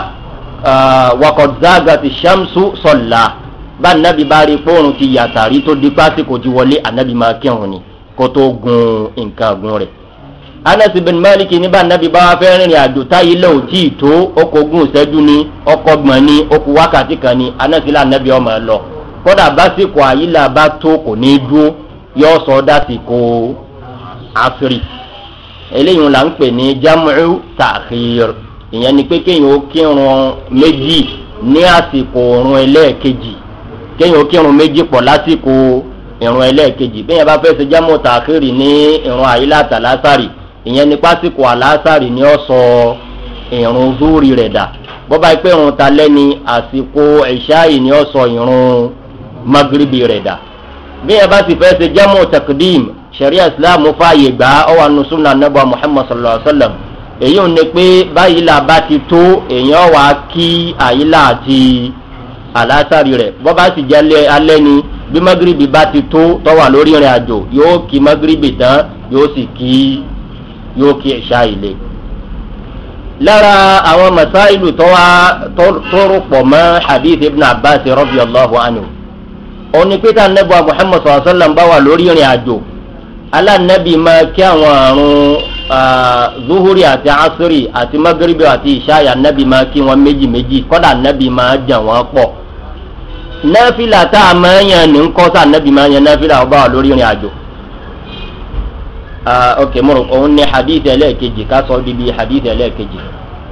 wakọ̀dága ti ṣàmṣu sọ̀la bá nàbí bá rí fóònù ti yàtàrí tó di pásíkò ju wọlé ànábì máa kírun ni kó tó gun nǹkan gun rẹ̀ anasi bin malik ní bá nàbí bá wá fẹ́ rìnrìn àjò táyé lẹ́ ò tí ì tó ọkọ̀ ogun ìṣẹ́jú ni ọkọ̀ gbọ̀n ni ọkọ̀ wákàtí kan ni anasi là nàbí ọmọ ẹ lọ kódà básìkò àyílà bá tó kò ní dúró yọ sọ dásìkò àfírí eléyìí là ń pè ní jamu ta'khir ìyẹn ni pé kéèyàn ó kírun méjì ní àsìkò òrùn ẹlẹ́ẹ̀kejì kéèyàn ó kírun méjì pọ̀ lásìkò ìrùn ẹlẹ́ẹ̀kejì bẹ́ẹ̀ bá fẹ́ ṣe jámọ́ tàkìrì ní ìrùn àyíláta lásàrì ìyẹn ní pásìkò àlásàrì ni ó sọ ìrùn zúrì rẹ̀ dà bọ́bá pé ìrùn ta lẹ́ni àsìkò ẹ̀ṣáì ni ó sọ ìrùn magrebi rẹ̀ dà bẹ́ẹ̀ bá sì fẹ́ ṣe jámọ́ tàkìdìm sẹ̀ríà islam fààyè gbà ọ́ wà nù nàbà muhammad sallallahu alayhi wa sallam èyí ò ní pé báyìí là bá ti tó èèyàn wà á kí àyílà àti àlásàrì rẹ̀ bọ́ bá sì jẹ́ alẹ́ ni bí magrebi bá ti tó tọ́wà lórí ìrìn àjò yóò kí magrebi tán yóò sì kí yóò kí ẹ̀ṣá ilé. lára àwọn masáìlù tó rúpọ̀ mọ́ hadith ibn abbas rabi allahu anhu òní pété anábọ̀ muhammad sallallahu alayhi wa bá wà lórí ìrìn àjò alánàbì máa kí àwọn àrùn zuhuri àti asiri àti magrebi àti ìṣáyà nabi máa kí wọn méjì méjì kọ́dà nabi máa jàn wọ́n pọ̀ náfìlà tá a máa yan ní kọ́ sá nabi máa yan náfìlà ọba wa lórí ìrìn àjò. ok mo rò òun ní hadith ẹlẹ́ẹ̀kejì ká sọ bíbí hadith ẹlẹ́ẹ̀kejì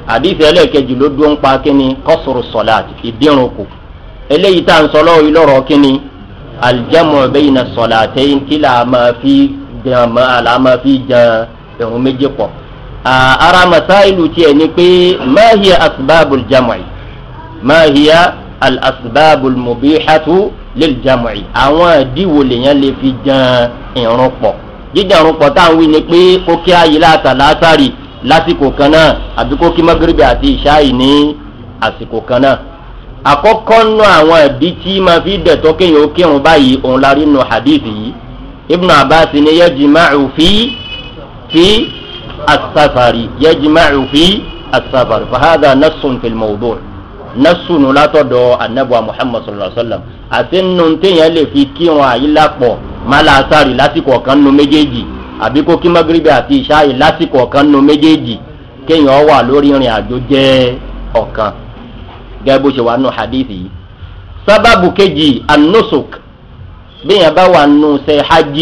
hadith ẹlẹ́ẹ̀kejì ló dún pa kínní kọ́sùrù sọ̀láàtì ìdírun kù eléyìí tá à ń sọ lọ́wọ́ ìlọ́rọ̀ kínní aljamu bẹ́yìn sọ̀láàtẹ́yìn kí làá ìrun méjì pọ̀ ara masailu tiẹ̀ ni pé mahiya asbabul jam'i mahiya al asbabul mubihatu lil jam'i àwọn àdìwò lèyàn lè fi jan ìrun pọ̀ jíjà ìrun pọ̀ táwọn wí ni pé ó kí ayé láta látàrí lásìkò kan náà àbí kó kí magrebi àti ìṣáì ní àsìkò kan náà àkọ́kọ́ nù àwọn ẹ̀bí tí máa fi dẹ̀tọ́ kéèyàn ó kírun báyìí òun la nù hadith yìí ibnu abbas ni yẹ́jì máa في السفر يجمع في السفر فهذا نص في الموضوع نص لا تدعو النبوة محمد صلى الله عليه وسلم أسن تيالي في كيوا إلا قو ما لا ساري لا سيكو كانوا مجيجي àbíkó kí mọ́gíríbì àti ìṣáyè lásìkò ọ̀kan nu méjèèjì kéèyàn wà lórí ìrìn àjò jẹ́ ọ̀kan gẹ́gẹ́ bó ṣe wà nù hadithi yìí. sábàbù kejì anusuk bíyàn bá wà nù ṣe hajj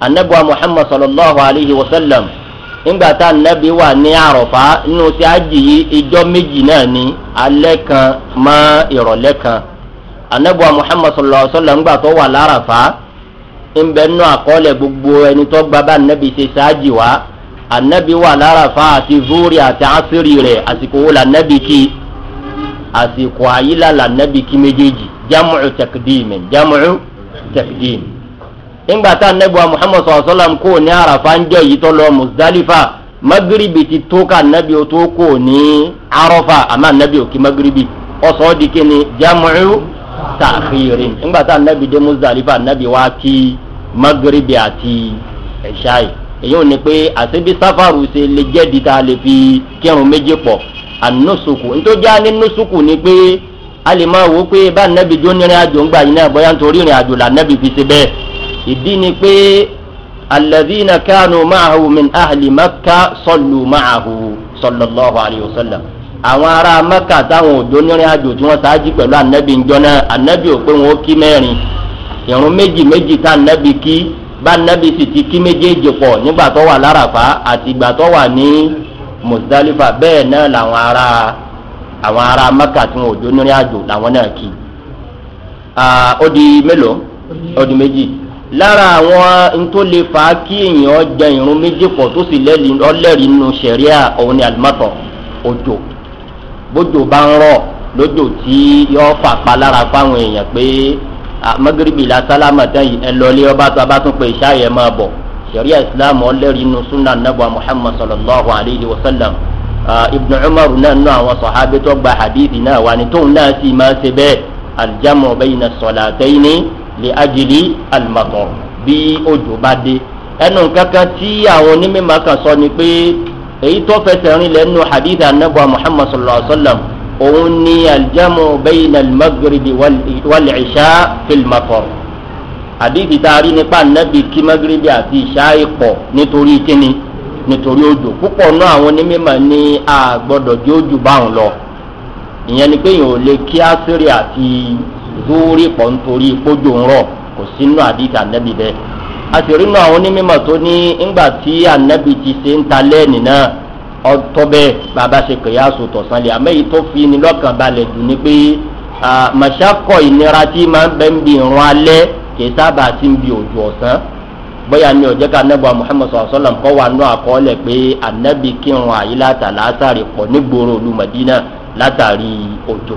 anabiwa muhammad sallallahu alayhi wa sallam nígbà tá anabi wà ní àròfá nínú tí ájì yìí ijọ́ méjì náà ni alẹ́ kan mọ́ ìrọ̀lẹ́ kan anabiwa muhammad sallallahu alayhi wa sallam nígbà tó wà lárafá nbẹ nù àkọọ́lẹ̀ gbogbo ẹni tó gba bá anabi ṣe ṣáájì wá anabi wà lárafá àti zúrì àti asiri rẹ̀ àsìkò wo la anabi kí àsìkò àyílà la anabi kí méjèèjì jamu'u takdimin jamu'u takdimin nígbà tá anabi wa muhammad sallallahu alaihi wa sallam kò ní arafa ń jọ yìí tó lọ musdalifa magiribi ti tó ká anabi o tó kò ní arọfa àmọ́ anabi ò kí magiribi ọsọ di kíni jamu'u ta'khirin nígbà tá anabi dé musdalifa anabi wa kí magiribi àti ẹ̀ṣáì èyí ò ní pé àṣebí sáfàrù ṣe lè di ta lè fi kírun méjì pọ̀ ànúsùkù ntọ́jà ní núsùkù ni pé a lè máa wò ó pé bá anabi jó nírin àjò ń gbà yín náà bóyá fi ṣe bẹ́ẹ̀ ìdí ni pé alẹ́dínà kánú máàhù min ahli maka sọlù máàhù sọlọ́lọ́hu àríwọ̀sọ́lá àwọn ará maka táwọn òjò nírin àjò tí wọ́n sáájì pẹ̀lú anabi njọ́nà anabi ò pé wọn ó kí mẹ́rin ìrún méjì méjì tá anabi kí bá anabi sì ti kí méjèèjì pọ̀ nígbà tó wà láràfá àti ìgbà tó wà ní mùsùlùmí bẹ́ẹ̀ náà làwọn ará àwọn ará maka tí wọn òjò àjò làwọn náà kí ó di mélòó ó di méjì lára àwọn ntó lè fà á kí èèyàn jẹ irun méjì pọ̀ tó sì lẹ́rìí nínú sẹ̀ríà òun ni àlùmọ́tọ̀ òjò bójò bá ń rọ̀ lójò tí yọ fà pa lára fáwọn èèyàn pé mọ́gìrìbì la sálámà tán yìí ẹ lọ lé ọba tó a bá tún pé ìṣáyẹ máa bọ̀ sẹ̀ríà islam ọlẹ́rìí nínú sunna nabuwa muhammad sallallahu alayhi wa sallam ibn umar náà nù àwọn sọ̀hábẹ́tọ̀ gba hadithi náà wà ní tóun náà sì máa ṣe bẹ́ẹ̀ lè ajìlí àlùmọ̀tọ̀ bí òjò bá dé ẹnu kankan tí àwọn onímọ̀ kan sọ ni pé èyí tó fẹsẹ̀ rìn lẹ́nu hadith anabu muhammad sallallahu alayhi wa sallam òun ni aljamu bẹ́yìn alimagiribi wàlìṣà fìlmọ̀tọ̀ àdìsí tá a rí nípa anabi kí magiribi àti ìṣá ìpọ̀ nítorí kíni nítorí òjò púpọ̀ náà àwọn onímọ̀ ni a gbọ́dọ̀ jẹ́ òjò báwọn lọ ìyẹn ni pé yìí lè kí á sírè àti dúórí pọ̀ nítorí kójú ń rọ̀ kò sínú àdìtà nẹ́bi bẹ́ẹ̀ àtìrínú àwọn onímọ̀ tó ní ńgbà tí ànẹ́bi ti ṣe ń ta lẹ́ẹ̀nì náà ọtọ́ bẹ́ẹ̀ bàbá ṣe kẹ̀yà sòtọ̀ sanlẹ̀ àmẹ́yìí tó fi ni lọ́kàn balẹ̀ dùn ni pé màṣákọ̀ ìnira tí máa ń bẹ́ ń bi ìrún alẹ́ kìí sábà ti ń bi òjò ọ̀sán bóyá ni ọ̀jẹ́ ká anábọ̀ muhammed sọ̀rọ̀sọ̀lọ̀ kọ́ wa nú àkọọ́lẹ̀ pé anábì kírun àyílátà látàrí pọ̀ nígboro olùmọ̀dínà látàrí òjò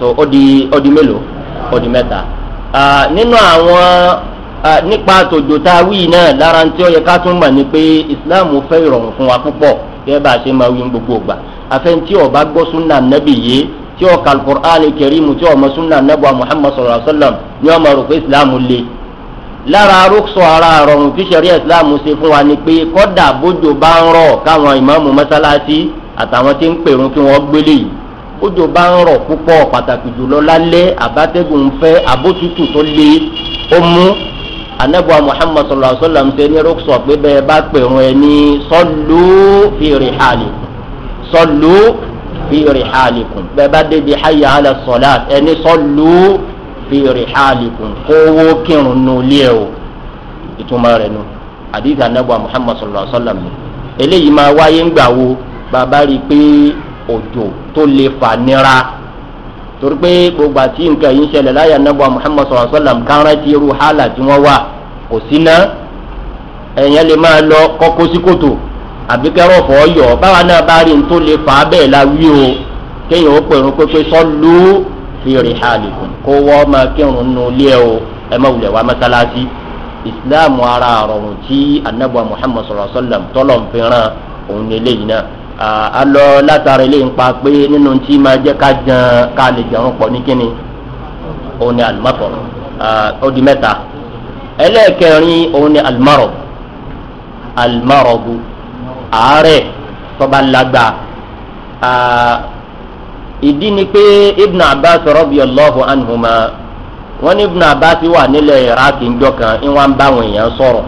tó ọdí ọdí mélòó ọdí mẹ́ta nínú àwọn nípa tòjò tá a wí náà lára tí ó yẹ ká tún mọ̀ ni pé islam fẹ́ ìrọ̀rùn fún wa púpọ̀ kẹ́ bá a ṣe máa wí gbogbo ìgbà àfẹ́ntí ọba gbọ́ súnà nẹ́bì yìí tí ó ka alukur'an kẹrìmù tí ó mọ sunna muhammad sallallahu alaihi wa sallam ni ó mọ rò pé islamu le lára arúgbó ara rọrùn tí sẹ̀rí islamu ṣe fún wa ni pé kọ́dà bójú bá ń rọ̀ káwọn ìmáàmù mọ́sálásí àtàwọn tí ń pèrún kí wọ́n gbélé yìí òjò bá ń rọ̀ púpọ̀ pàtàkì jùlọ lálẹ́ àbátẹ́gùn ń fẹ́ àbótútù tó le ó mú anabuwa muhammad sallallahu alaihi wa sallam ṣe ní rúkṣọ pé bẹ́ẹ̀ bá pèrún ẹ ní sọ́lù fìrì àlìkùn sọ́lù fìrì àlìkùn bẹ́ẹ̀ bá débi hayà àlà sọ̀lá ẹ ní sọ́lù fìrì àlìkùn kówó kírun nù lé e o ìtumọ̀ rẹ̀ nù àdìsí anabuwa muhammad sallallahu alaihi wa sallam eléyìí máa wáyé ńgbà wo bàbá rí i pé òjò tó lè fà nira torí pé gbogbo àti nǹkan yìí ń ṣẹlẹ̀ láyà nàbọ̀ muhammad sọ̀rọ̀ sọ́làm kárán ti irú hàlà tí wọ́n wà kò sí ná ẹ̀yìn lè máa lọ kọ́kọ́ sí kòtò àbí kẹ́rọ̀ fọ́ yọ̀ báwa náà bá rí n tó lè fà á bẹ́ẹ̀ la wí o kéèyàn ó pèrún pépé sọ́lú fèrè hàlì kó wọ́ máa kírun nù ilé o ẹ má wulẹ̀ wá mọ́sálásí ìsìláàmù ara àrọ̀rùn tí anábọ̀ muhammad sọ̀rọ̀ sọ́làm tọ́lọ̀ ń alọ látara ilé ń pa pé nínú tí máa jẹ́ ká jan ká lè jẹun pọ̀ ní kíni òun ni àlùmọ́tọ̀ ó di mẹ́ta ẹlẹ́ẹ̀kẹrin òun ni àlùmọ́rọ̀ àlùmọ́rọ̀ bu àárẹ̀ tọ́ba lágbà ìdí ni pé ibn abbas rọ́bì ọlọ́hu anhuma wọ́n ní ibn abbas wà nílẹ̀ iraq ńjọ bá àwọn èèyàn sọ̀rọ̀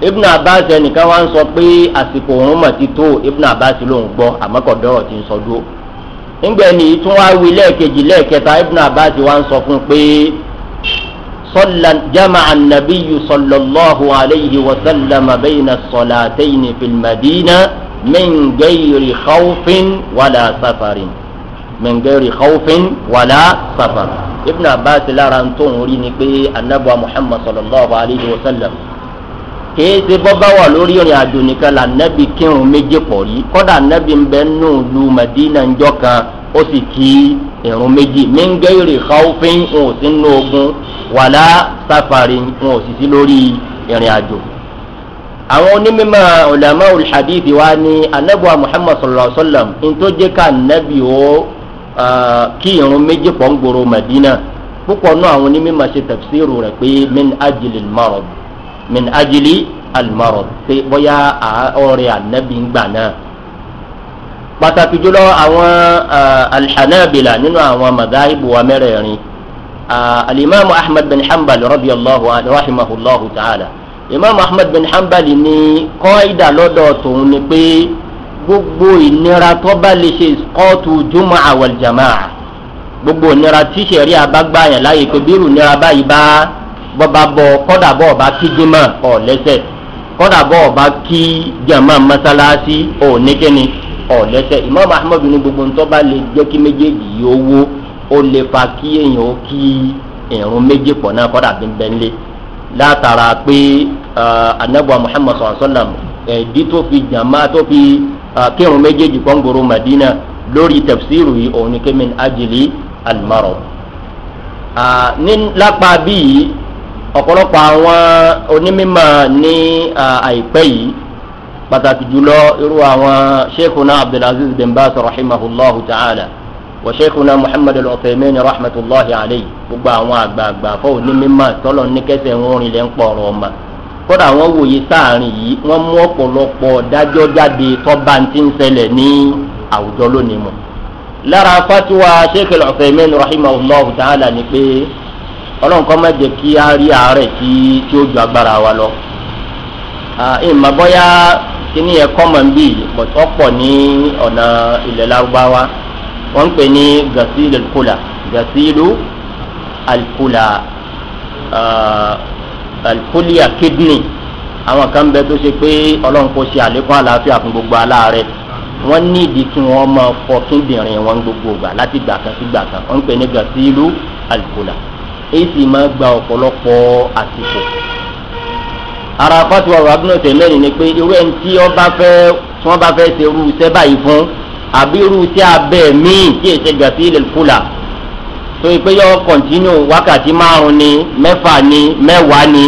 ibn abbas ẹnìkan wá ń sọ pé àsìkò òun mọ̀ ti tó ibn abbas ló ń gbọ́ àmọ́kọ̀dọ́rọ̀ ti ń sọ dúró nígbà ẹni tún wá wí lẹ́ẹ̀kejì lẹ́ẹ̀kẹta ibn abbas wá ń sọ fún pé jama anabiyu sallallahu alayhi wa sallam bayna salatayni fil madina min gayri khawfin wala safarin min gayri khawfin wala safarin ibn abbas lára ń rí ni pé anabu muhammad sallallahu alayhi wa sallam kìí ṣe bọ́bá wà lórí ìrìn àjò nìkan là nẹ́bi kírun méje pọ̀ rí kọ́dà nẹ́bi ń bẹ nù lu mẹ́dínà ńjọ́ kan ó sì kí irun méjì míngẹ́ ìrì xawfin ń ò sí nínú ogun wàlá sáfàrí ń ò sì sí lórí ìrìn àjò. àwọn onímọ̀ ọ̀làmọ́ olùhàdíìsì wa ní anábùwà muhammad sallallahu alayhi wa sallam ń tó jẹ́ ká nẹ́bi ó kí irun méje pọ̀ ń gbòòrò mẹ́dínà púpọ̀ náà àwọn onímọ̀ ṣe tẹ̀síìrù rẹ̀ pé min ajilil marad min ajili alimọ̀rọ̀ pé bóyá ọ̀rẹ́ ànábì ń gbà náà pàtàkì jùlọ àwọn alḥanábìlà nínú àwọn madaibu wa mẹ́rẹ̀ẹ̀rin alimami ahmed bin hanbal rabi allahu rahimahullahu ta'ala imam ahmed bin hanbal ní kọ́ìdà lọ́dọ̀ tòun ni pé gbogbo ìnira tó bá lè ṣe kọ́ọ̀tù jùmọ̀ àwọ̀l jama'a gbogbo ìnira tíṣẹ̀rí abágbáyàn láyè pé bírù ìnira báyìí bá bọ́ba bọ́ kọ́dà bọ́ ọba kí jimá ọ̀ lẹ́sẹ̀ kọ́dà bọ́ ọba kí jama masalasi ọ̀ nìkẹ́ni ọ̀ lẹ́sẹ̀ imam ahmed ní gbogbo ntọ́ba lè jẹ́ kí méjèèjì yóò wó ó lè fa kí èèyàn ó kí ìrún méjì pọ̀ náà kọ́dà bí bẹ́ńlẹ̀ látara pé anabu muhammad sallam ẹ̀ẹ́dí tó fi jama tó fi kírun méjèèjì kọ́ngboro madina lórí tafsiru yìí òun ajili almarọ. ní lápá bíi ọ̀pọ̀lọpọ̀ àwọn onímọ̀ ní àìpẹ́ yìí pàtàkì jùlọ irú àwọn sheikhuna abdulaziz bin baz rahimahullahu ta'ala wa sheikhuna muhammad al-uthaymin rahmatulahi alayhi gbogbo àwọn àgbààgbà fọ onímọ̀ tọ́lọ̀ ní kẹsẹ̀ ń rìn lẹ́ ń pọ̀rọ̀ ọmọ kódà wọ́n wòye sáàrin yìí wọ́n mú ọ̀pọ̀lọpọ̀ dájọ́ jáde tọ́ba ti ń ṣẹlẹ̀ ní àwùjọ lónìí mọ̀ lára fatiwa sheikh al-uthaymin rahimahullahu ta'ala ni pé ọlọ́run kọ́ má jẹ́ kí á rí àárẹ̀ tí tí ó ju agbára wa lọ. ìmọ̀ bọ́yá kíní yẹn kọ́mọ̀ ń bì bọ̀tọ́ ní ọ̀nà ilẹ̀ lárúbáwá wọ́n ń pè ní gasilu alkula gasilu alkula alkulia kidney àwọn kan bẹ tó ṣe pé ọlọ́run kò ṣe àlékún àlàáfíà fún gbogbo aláàárẹ̀ wọ́n ní ìdí kí wọ́n máa fọ kíndìnrín wọn gbogbo gbà láti gbà kan sí gbà kan wọ́n ń pè ní gasilu alkula èsì máa gba ọ̀pọ̀lọpọ̀ àsìkò ara fati wa wagner tẹlẹ ni ni pé irú ẹni tí wọn bá fẹ́ tí wọn bá fẹ́ ṣe irú iṣẹ́ báyìí fún àbí irú iṣẹ́ abẹ míì tí èsì gàtí ilẹ̀ fúlà tó yẹ yọ kọ̀ntínú wákàtí márùn ni mẹ́fà ni mẹ́wàá ni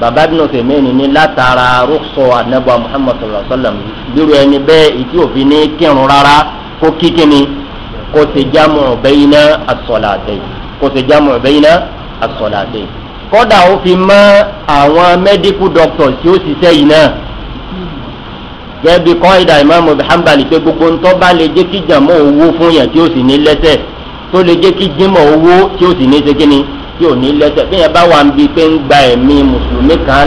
baba bí nọfẹ mẹni ni látara rúkṣọ anabuwa muhammadu sallallahu alaihi wa sallam bírò ẹni bẹ́ẹ̀ ìtí òfin ní kírun rárá kó kíkíni kó ti jámọ̀ bẹ́yìn náà kó ṣe jámọ bẹyìnà àsọlàdé kódà ó fi ma àwọn medical doctors tí o ṣiṣẹ́ yìí náà gẹ́gẹ́ kọ́ ìdá ìmáàmù bihambali pé gbogbo ń bá lè jẹ́ kí jàmọ́ owó fún yẹn tí o sì ní lẹ́sẹ̀ tó lè jẹ́ kí owó tí o sì ní ṣe tí ní lẹ́sẹ̀ yẹn bá wà pé ń gba ẹ̀mí mùsùlùmí kan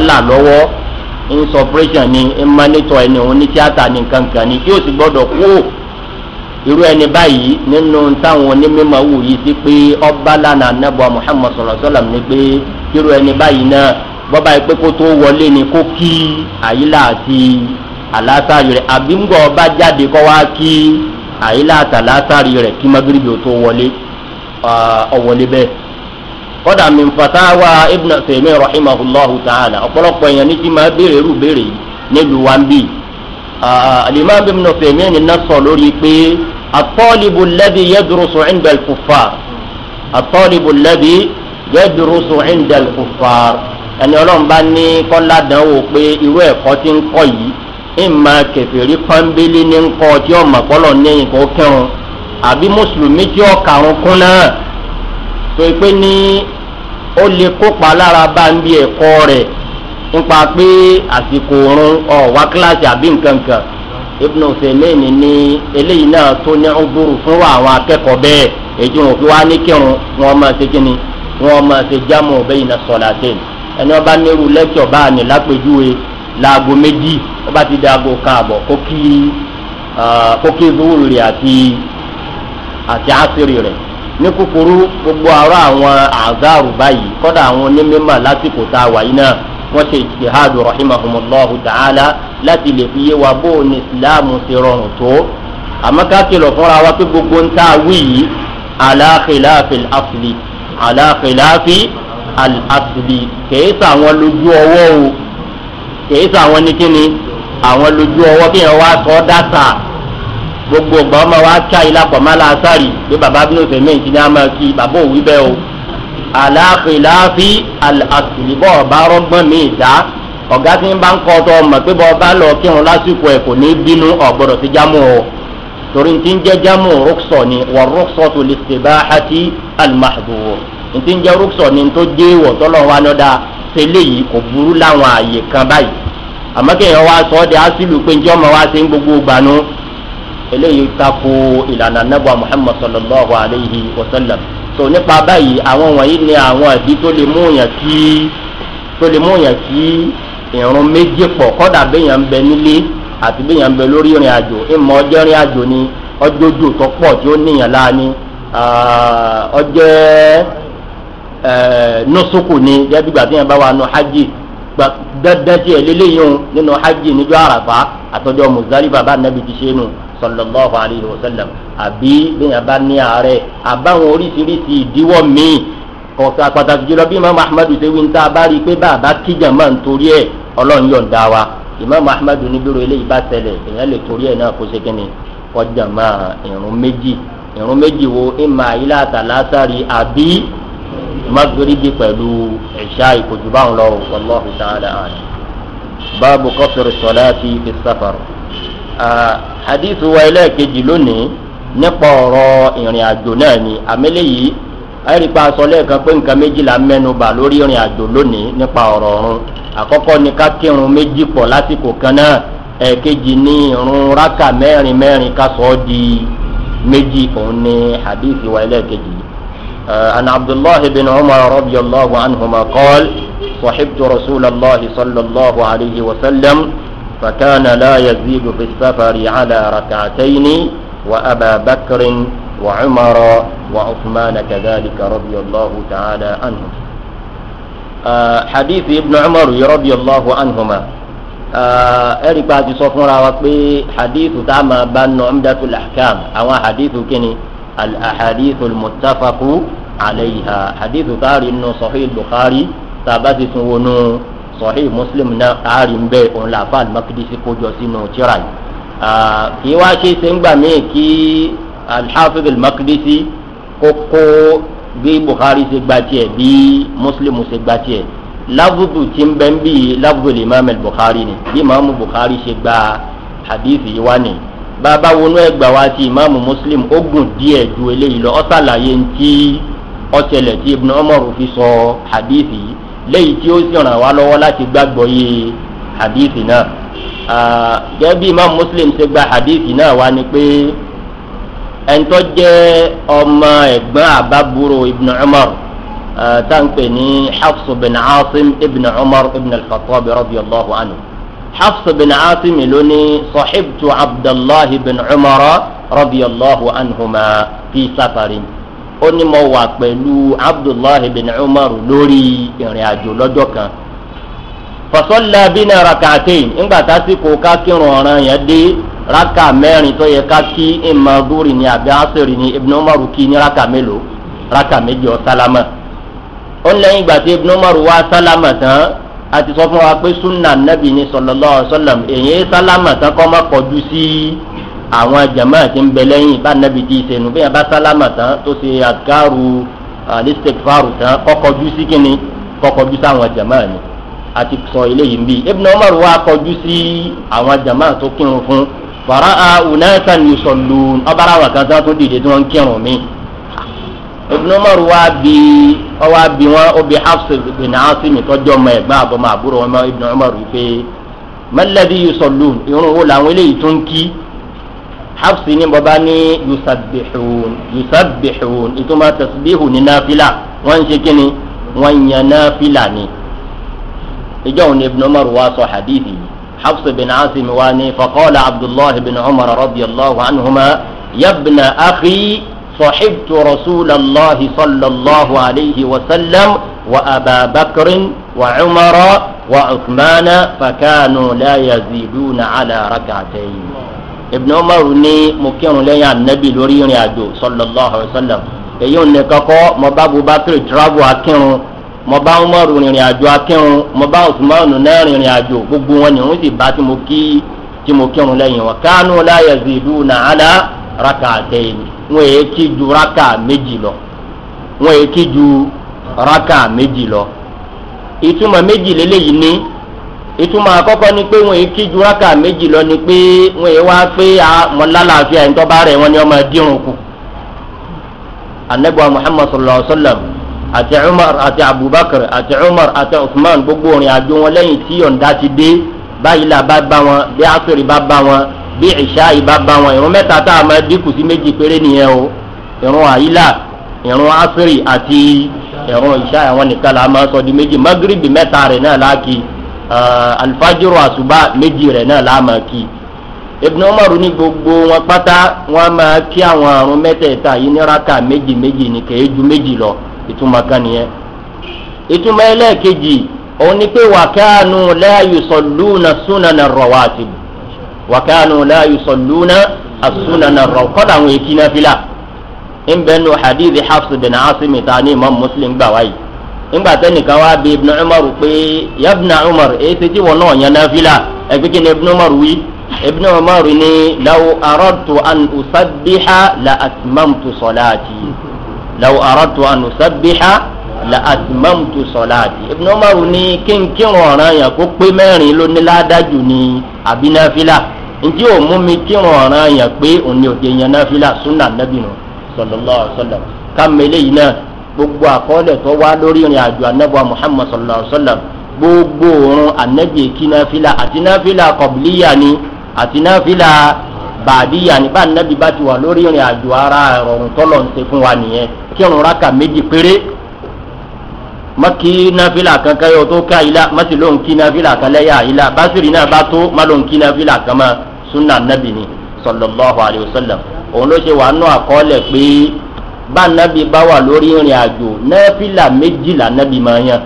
irú ẹni báyìí nínú táwọn onímọ̀ wù yìí sí pé ọba lánàá nẹ́bọ̀ muhammed sọ̀rọ̀ ni pé irú ẹni báyìí náà bọ́ba yìí pé kó tó wọlé ni kó kí àyílà àti àlásàrì rẹ̀ àbí ńgbọ́ ọba jáde kọ́ wá kí àyílà àti àlásàrì rẹ̀ kí magrebi ò tó wọlé ọ̀wọ́lé bẹ́ẹ̀. kọ́dà mi ibn sèmi rahimahullahu ta'ala ọ̀pọ̀lọpọ̀ èèyàn ní ti máa béèrè béèrè yìí nílùú wa ń bì. alimami sèmi ni lórí الطالب الذي يدرس عند الكفار الطالب الذي يدرس عند الكفار ẹni ọlọ́run bá ní kọ́lá dánwò pé irú ẹ̀kọ́ tí ń kọ́ yìí ìmọ̀ kẹfìrí pọ́nbélé ní ń kọ́ tí ọmọ pọ́lọ̀ ní nǹkan kẹrun àbí mùsùlùmí tí ó kàrún kún náà tó pé ní ó lè kópa lára bá ń bí ẹ̀kọ́ rẹ̀ nípa pé àsìkò òrun ọ̀ wá kíláàsì àbí nǹkan kan ibn Uthaymeen ní eléyìí náà tó ní ọgbọ́rù fún wa àwọn akẹ́kọ̀ọ́ bẹ́ẹ̀ èyí wọn fi wá ní kírun wọn máa ṣe kíni wọn máa ṣe jámù bayna salatayn ẹni wọn bá nírú lẹ́kọ̀ọ́ bá ní lápèjúwe láago méjì wọn bá ti dáago kan àbọ̀ kó kí kó kí zuhuru àti àti asiri rẹ̀ ní kúkúrú gbogbo ara àwọn àzáàrù báyìí kọ́dà àwọn onímọ̀ lásìkò tá a wà yìí náà wọ́n ṣe ìṣèhádùn rahimahumullahu ta'ala láti lè fi yé wa bó o ní islam ti rọrùn tó àmọ́ ká kìlọ̀ fúnra wa pé gbogbo ń tá a wí yìí ala khilafil asli ala khilafi al lójú ọwọ́ o kèé sàwọn ní kíni àwọn lójú ọwọ́ kí yẹn wá sọ dáta gbogbo ọgbà ọmọ wa ká ilá pọ̀ má la pé baba bí ní mẹ́yìn kí ni a máa kí baba òwú bẹ́ẹ̀ o. aláfẹ́láfi àtìlíbọ̀ ọba rọ́gbọ́n mi ìdá ọ̀gá tí ń bá ń kọ́ tọ́ mọ̀ pé bọ́ ọba lọ kírun lásìkò ẹ̀ kò ní bínú ọ̀gbọ́dọ̀ sí jámù o torí ti ń jámù ni wọ́n rúksọ̀ tó lè ṣe bá àti alimahdùwò ti ń ni tó wa yìí kò burú láwọn àyè kan báyìí sọ de pé ọmọ wa ń gbogbo eléyìí ìlànà wa sallam. tò nípa báyìí àwọn wọ̀nyí ni àwọn ẹ̀bí tó lè mú yàn kí tó lè mú yàn kí ìrún pọ̀ kọ́dà béèyàn ń bẹ nílé àti béèyàn ń bẹ lórí ìrìn àjò ìmọ̀ ọjọ́ ìrìn àjò ni ọjọ́ ojú tó pọ̀ tí ó níyàn ọjọ́ ni bá wà nù hajj tiẹ̀ lélẹ́yìn nínú hajj níjọ́ àràfà àtọ́jọ́ muzalifa bá sallallahu alayhi wa sallam àbí bẹ́ẹ̀ bá ní ààrẹ àbáwọn oríṣiríṣi ìdíwọ́ míì kọ̀ọ̀kan pàtàkì jùlọ bí imaamu ahmadu ṣe wí ń tá a bá rí i pé bàbá kíjà máa ń torí ẹ̀ ọlọ́run yọ̀ǹda wa imaamu ahmadu níbírò eléyìí bá tẹ̀lẹ̀ èèyàn lè torí ẹ̀ náà kó ṣe kínni kọjá máa ìrún méjì ìrún méjì wo ìmà ilá àtàlásàrí àbí magrebi pẹ̀lú ẹ̀ṣá ìkòjúbáwọn lọ wọlọ́ọ̀fù sáà dáhà báàbù kọ́sìrì sọ̀lá ti fi sáfàrọ̀ hadithu wa ẹlẹ́ẹ̀kejì lónìí nípa ọ̀rọ̀ ìrìn àjò náà ni àmẹ́lẹ́ yìí àyẹ̀rípa sọ lẹ́ẹ̀kan pé nǹkan méjìlá mẹ́nuba lórí ìrìn àjò lónìí nípa ọ̀rọ̀ ọ̀run àkọ́kọ́ ni ká kírun méjì pọ̀ lásìkò kan náà ẹ̀ẹ̀kejì ní irun rákà mẹ́rin mẹ́rin ká sọ ọ́ di méjì òun ni hadithi wa ẹlẹ́ẹ̀kejì yìí. عن عبد الله بن عمر رضي الله عنهما قال صحبت رسول الله صلى الله عليه وسلم فكان لا يزيد في السفر على ركعتين وأبا بكر وعمر وعثمان كذلك رضي الله تعالى عنهم حديث ابن عمر رضي الله عنهما ẹ̀rí pa ti sọ fúnra wa pé hadithu tá a máa bá nù ọmọdétu làkàm àwọn hadithu kìíní alhadithu mutafaku alayha hadithu tá a rí nù sọ̀hí bukhari tá ti tún sọ̀hí muslim náà àárín bẹ́ẹ̀ òun làfà alimakidisi kójọ sínú tíra yìí kì í wá ṣe ṣe ń gbà míì kí alḥafiz alimakidisi kó kó bí buhari ṣe gba tiẹ̀ bí muslim ṣe gba tiẹ̀ lábùdù tí ń bẹ́ ń bí lábùdù limam buhari ni bí imaamu buhari ṣe gba hadithi yìí wá nìyí bàbá wọnú ẹgbà wa ti imaamu muslim ó gùn díẹ̀ ju eléyìí lọ ọ́ sàlàyé ntí ọ̀tẹlẹ̀ tí ibùdó ọmọrù fi sọ hadithi yìí léyìí tí ó sì ràn wá lọ́wọ́ láti gbàgbọ́ yé hadith náà gẹ́gẹ́ bí imam muslim ṣe gba hadith náà wá ni pé ẹ̀ńtọ́ jẹ́ ọmọ ẹ̀gbọ́n àbábúrò ibn umar tanpe ní hafs bin asim ibn umar ibn al-khattab radiyallahu anhu hafs bin asim ló ní sahibtu abdullahi bin umar radiyallahu anhu ma fi safarin. ó ní mo wà pẹ̀lú abdullahi bin umar lórí ìrìn àjò lọ́jọ́ kan fasọ́lá bínú rakàtẹ́ ńgbà si ká ka ọ̀ràn yẹn dé raka mẹ́rin tó yẹ ká kí ìmọ̀ ni ní asiri ni ibn umar kí ni raka mélòó raka méjì ọ̀ sálámà ó ń lẹ́yìn ìgbà tí ibn umar wá sálámà tán a ti sọ fún wa pé sunna nabi ni sọlọ́lá ọ̀sọ́lá èyí sálámà tán kọ́ kọjú sí i. àwọn jama ti ń bẹ lẹ́yìn bá nàbì di ìsẹ̀nu bí yàrá sálámà tán tó ṣe àgárù alistefaaru tán kọ́kọ́jú sí kínní kọ́kọ́jú sáwọn jama ni àti sọ eléyìí bí ibùdó umar wa kọjú sí àwọn jama tó kírun fún fara a unasa yusollu ọbara àwọn kan tán tó dìde tí wọ́n ń kírun mi ibùdó umar wa bi ọwọ́ bi wọn obi hafsi bin asimi tọ́jú ọmọ ẹ̀gbọ́n àbọ̀mọ àbúrò wọn ibùdó umar wípé mẹlẹ́bí yusollu irun wo làwọn eléyìí tó ń kí hafsi ní bàbá ní yusabihun yusabihun ìtumọ̀ tasbihu ní náfìlà wọ́n ń ṣe kí ni wọ́n ń yan náfìlà ni. ìjọ òun ni ibn umar wa sọ hadithi hafsi bin asim wa ni fakọ́lá abdullahi bin umar radiyallahu anhuma yabna akhi صحبت رسول الله صلى الله عليه وسلم وأبا بكر وعمر وعثمان فكانوا لا يزيدون على ركعتين ibn umar ní mo kírun lẹ́yìn anabi lórí ìrìn àjò sallallahu alayhi wa sallam èyí ò ní kankọ́ mo bá abubakar travel akírun mo bá umar rìnrìn àjò akírun mo bá usman náà rìnrìn àjò gbogbo wọn ni wọn sì bá tí mo kí tí mo kírun lẹ́yìn wọn kánú la yaziduna ala rak'atayn wọn èyí kí ju raka méjì lọ wọn èyí kí ju raka méjì lọ ìtumọ̀ méjì lélẹ́yìí ní ìtumọ̀ àkọ́kọ́ ni pé wọ́n kí ju rákà méjì lọ ni pé wọ́n wá pé mọ̀lálàáfíà ń tọ́ba rẹ̀ wọ́n ni ọmọ dírun kù anabiwa muhammad sallallahu alaihi wa sallam àti umar àti abubakar àti umar àti usman gbogbo orin àjò wọn lẹ́yìn tí yọ̀ǹda ti dé báyìí là bá bá wọn bí asiri bá bá wọn bí ìṣá ìbá bá wọn ìrún mẹ́ta tá a máa dínkù sí méjì péré nìyẹn o ìrún àyílà ìrún asiri àti ìrún ìṣá àwọn nìkan là máa sọ di méjì magrebi mẹ́ta rẹ̀ náà láàkì. Eh, alifajoro àṣùbà méjì rẹ̀ náà láàmà kí ibn umar ní gbogbo wọn pátá wọn máa kí àwọn àrùn mẹ́tẹ̀ẹ̀ta yìí ní raka méjì méjì ní kèé ju méjì lọ ìtumọ̀ kan nìyẹn ìtumọ̀ ẹlẹ́ẹ̀kejì òun ni pé wàkánù láàyò sọ̀lúnà súnànà rọ̀wàtìbù wàkánù láàyò sọ̀lúnà àsúnànà rọ̀wàtìbù kọ́dà àwọn èkìnnà fìlà ń bẹ́ẹ̀ nù hadith hafs bin asim ta imam muslim gbà wáyìí ńgbà tẹnìkan wá bí ibùnà umaru pé yabna umar èsì tí wọn náà yan náfìlà ẹgbẹ́ kí ni ibùnà umaru wí ibùnà umaru ni lawu arọ́tù an usabiha la atimamtu sọláàtì lawu arọ́tù an usabiha la atimamtu sọláàtì ibùnà umaru ni kínkínrún ọ̀ràn yẹn kó pé mẹ́rin ló ní ládájú ni àbí náfìlà njí ò mú mi kírun ọ̀ràn yẹn pé òun ni òde yan náfìlà sunna nabinu sọlọ́lá sọlọ́ ká mẹ́lẹ́ yìí náà gbogbo àkọọ́lẹ̀ tó wá lórí ìrìn àjò anábọ̀ muhammad sallallahu alayhi wa sallam gbogbo òrun anabi èkí náfìlà àti náfìlà kọ̀bìlíyà ni àti náfìlà bàdíyà ni bá anabi bá ti wà lórí ìrìn àjò ara ìrọ̀rùn tọ́lọ̀ ń ṣe fún wa nìyẹn kírun rákà méjì péré mọ́kì náfìlà kankan yóò tó ká ilá mọ́sí ló ń kí náfìlà kan lẹ́yà ilá básìrì náà bá tó má ló ń kí náfìlà kan mọ́ sunna anabi ni sallallahu alayhi wa sallam òun ló ṣe wà nù àkọọ́lẹ̀ pé bá nàbí bá wà lórí ìrìn àjò nẹ́fìlà méjìlá nàbí máa yàn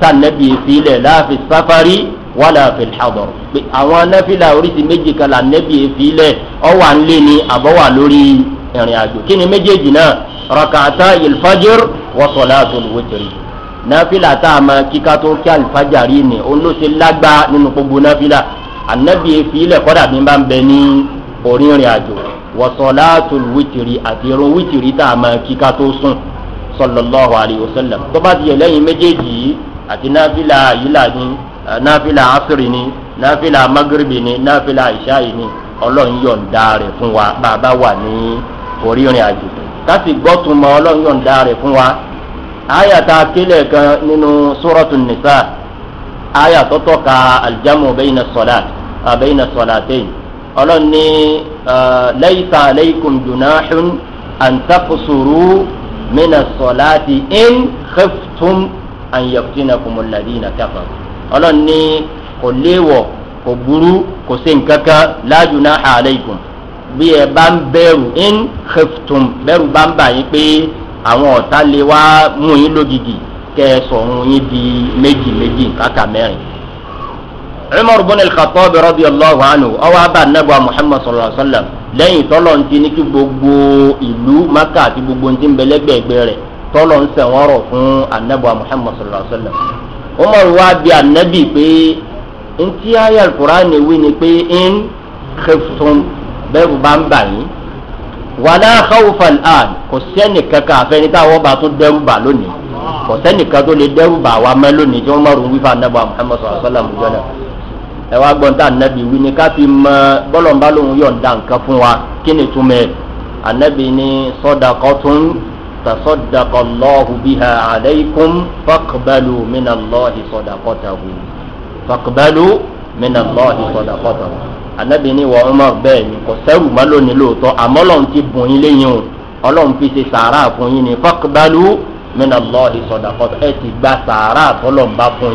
tá nàbí ìfilẹ̀ láàfin sáfárì wàlà fìlhàdọ̀ pé àwọn nẹ́fìlà oríṣi méjì kan là nàbí ìfilẹ̀ ọ̀wà ńlẹ̀ ni àbọ̀ wà lórí ìrìn àjò kí ni méjèèjì náà rakata ilfajir wọ́sọ̀lá àtòlùwẹ̀tẹ̀rì nafila tá a máa kíka tó kí alifajari ni olóṣè lágbá nínú gbogbo nafila anabi efi ilẹ̀ kọ́dà bí n ń bẹ ní orí ìrìn àjò wọ̀tọ̀láàtò wítìrì àti irun wítìrì tá a máa kíka tó sùn sọlọ́lọ́hu àríwò sẹ́lẹ̀ tó bá ti yẹ lẹ́yìn méjèèjì yìí àti náfìlà yìlá ni náfìlà asiri ni náfìlà magrebi ni náfìlà ìṣáì ni ọlọ́run yọ̀ǹda rẹ̀ fún wa bàbá wà ní orí ìrìn àjò káti gbọ́ tún mọ ọlọ́run yọ̀ǹda rẹ̀ fún wa aya ta kílẹ̀ kan nínú sórọ́tù nìsa aya tọ́tọ́ ka aljamu bẹ́yìn sọ̀lá bẹ́yìn sọ̀lá tẹ́yìn ọlọ́run ní. ليس عليكم جناح أن تقصروا من الصلاة إن خفتم أن يفتنكم الذين كفروا ọlọ́run ní kò léèwọ̀ kò burú kò sí nkankan la junaha alaykum bí ẹ bá ń bẹ̀rù in khiftum bẹ̀rù bá ń bà yín pé àwọn ọ̀tá lè wá mú yín lógìgì kẹ́ ẹ sọ̀run yín di méjì méjì kàkà mẹ́rin umar bin al-khattab radiyallahu anhu ọwọ́ abba anabu muhammad sallallahu alayhi wa sallam lẹ́yìn tọ́lọ̀ ntí ní kí gbogbo ìlú maka àti gbogbo ntí ń bẹ̀lẹ́gbẹ̀gbẹ̀ rẹ̀ tọ́lọ̀ ń sẹ̀wọ́rọ̀ fún anabu muhammad sallallahu alayhi wa sallam umar wa bi anabi pé ntí ayé al-qur'ani wí ni pé in khiftum bẹ́ẹ̀ bá ń bà yín wàlá khawfal an kò sẹ́nì kankan àfẹ́ni táwọn bá tún dẹ́rù bà lónìí kò sẹ́nì kan tó lè dẹ́rù bà wà mẹ́ lónìí tí wọ́n mọ̀rún wífà anabu muhammad sallallahu alayhi wa sallam jọ́nà ẹ wá gbọ́n tá ànábì wí ni ká fi mọ bọ́lọ̀mbá lòun yọ̀ǹda nǹkan fún wa kí ni túmẹ̀ ànábì ni sadaqatun tasaddaqa Allahu biha alaykum faqbalu min Allahi sadaqatahu faqbalu min Allahi sadaqatahu ànábì ni wọ́n ọmọ bẹ́ẹ̀ ni kò sẹ́rù má lónìí lóòótọ́ àmọ́ lọ́n ti bùn yín léyìn o ọlọ́run fi ṣe sàárà fún yín ni faqbalu min Allahi sadaqatahu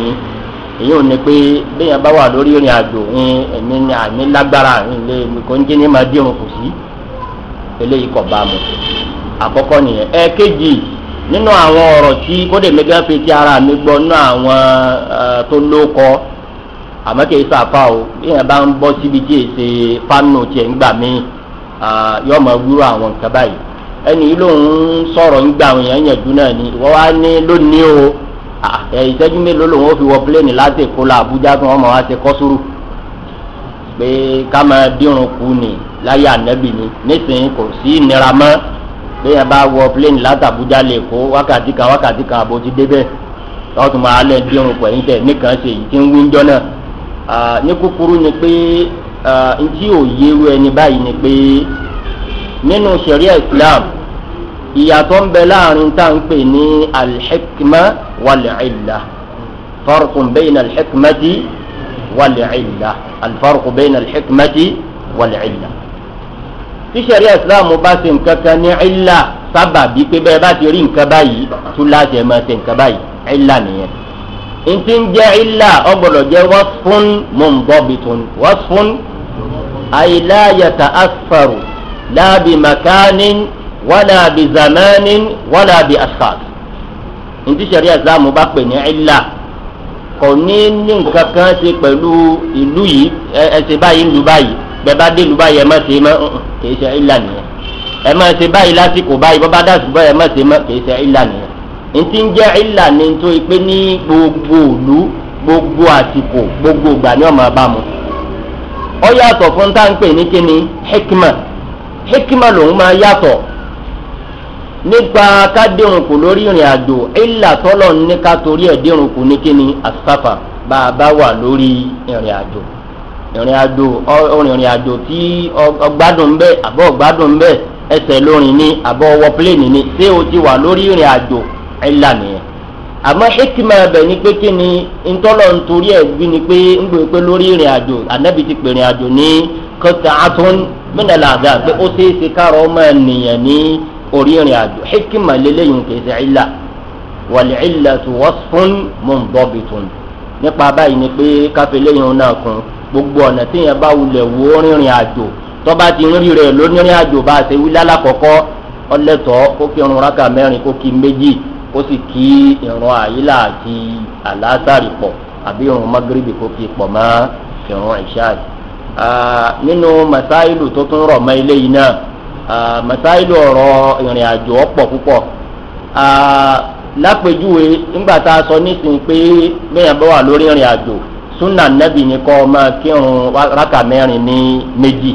ẹ èyí ò ní pé béèyàn bá wà lórí ìrìn àjò ń ẹ̀mí ní àmì lágbára ilé kò ń jẹ́ ní máa dé òun kù sí eléyìí kọ̀ bá mu àkọ́kọ́ nìyẹn nínú àwọn ọ̀rọ̀ tí kódé ara mi gbọ́ nínú àwọn tó lóko àmọ́ kì í sàfà o béèyàn bá ń bọ́ síbi tí èsè fánù tiẹ̀ ń gbà mí máa wúrò àwọn nǹkan báyìí ẹni sọ̀rọ̀ ń gbà àwọn èèyàn o. ìtẹ́jú mélòó lòun ó fi wọ pílẹ́ẹ̀nì láti èkó la àbújá tí wọ́n mọ̀ wá ṣe kọ́sùrù pé ká máa dírun kù ní láyé ànẹ́bì ni nísìnyí kò sí ìnira mọ́ bẹ́ẹ̀ bá wọ pílẹ́ẹ̀nì láti àbújá lè kó wákàtí kan wákàtí kan àbò ti débẹ̀ lọ́wọ́ tó máa lẹ́ dírun pẹ̀lú tẹ̀ nìkan ṣe yìí tí ń wí jọ́ náà ní kúkúrú ni pé ntí òye ru ẹni báyìí ni pé nínú sẹ̀ríà ìsìlámù ìyàtọ̀ ń bẹ láàrin tá à ń pè ní alḥikma wàlẹ́ẹ̀lá farqun bẹ́yìn alḥikmati wàlẹ́ẹ̀lá alfarqun bẹ́yìn alḥikmati wàlẹ́ẹ̀lá. tí sẹ́ríà islam bá ṣe nǹkan kan ní ìlà sábà bíi pé bẹ́ẹ̀ bá ti rí nǹkan báyìí tún láti ẹ̀ máa ṣe nǹkan báyìí ìlà nìyẹn. ntí ń jẹ́ ìlà ọgbọ́dọ̀ jẹ́ wasfun munbobitun wasfun àyíláyàtà asfaru láàbì makanin wala bi zamanin wala bi asfalt ntí sariya islam bá pè ní ilà kò ní ní nǹkan kan se pẹ̀lú ilu yi ẹsẹ̀ bayi ń lu báyìí bẹ́ẹ̀ bá dé lu báyìí ẹ má ṣe mọ́ kì í ṣe ilà nìyẹn ni gbogbo gbogbo gbogbo gba ni ọmọ bá mu ọ ni hekima ma nípa ká dẹrùn kù lórí ìrìn àjò ìlà tọ́lọ̀ ní ká torí ẹ̀ dẹrùn kù ní kíni àsáfà bá a bá wà lórí ìrìn àjò ìrìn àjò ìrìn àjò tí ni ṣé o ti wà lórí ìrìn àjò ìlà nìyẹn àmọ́ ni pé kí ni ntọ́lọ̀ ntorí ẹ̀ gbí ni pé ń gbé pé lórí ìrìn àjò ànábì ti orí ìrìn àjò hikima lélẹ́yìn kèsì ìlà wàlẹ̀ ìlà tó wọ́sùn mọ̀nbọ́bìtún nípa báyìí ni pé káfí lẹ́yìn náà kún gbogbo ọ̀nà téèyàn bá wulẹ̀ wo rìnrìn àjò tọ́ba ti rí rẹ̀ lónírìn àjò bá a ṣe wí lálàkọ́kọ́ ọlẹ́tọ̀ kó kí irun rákà mẹ́rin kó kí méjì kó sì kí irun àyílà àti àlásàrì pọ̀ àbí irun magrebi kó kí pọ̀ mọ́ irun ìṣáàjì. nínú masáìlù tó tún rọ̀ mọ́ eléyìí náà Ah, mẹsáìlì ọ̀rọ̀ ìrìn àjò ọ̀pọ̀ púpọ̀ ah, lápèjúwe nígbà tá a sọ nísìnyí pé bẹ́ẹ̀ bá wà lórí ìrìn àjò súnà nẹ́bì ni kọ́ máa kírun rákà mẹ́rin ní méjì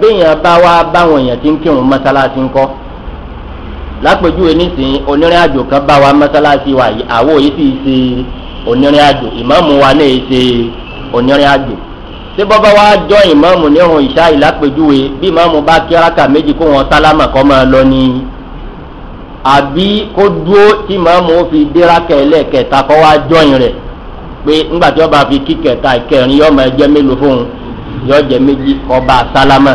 bẹ́ẹ̀ bá wá báwọn èèyàn ti ń kírun nísìnyí onírìn àjò kan bá wa mọ́sálásí wa yìí àwọ̀ yìí sì ṣe wa náà ṣe tí bọ́bá wa jọ ìmọ̀ọ́mù ní ọ̀hún ìṣá ìlápẹ̀júwe bí ìmọ̀ọ́mù bá kí ọ́ráka méjì kó wọn sálámà kọ́ máa lọ ní àbí kó dúró tí ìmọ̀ọ́mù fi dérákẹ̀ ẹlẹ́ẹ̀kẹta kọ́ wa jọyìn rẹ̀ pé ńgbà tí ọba fi kí kẹta ìkẹrin yọ máa jẹ mélòó fóun yọ jẹ méjì ọba sálámà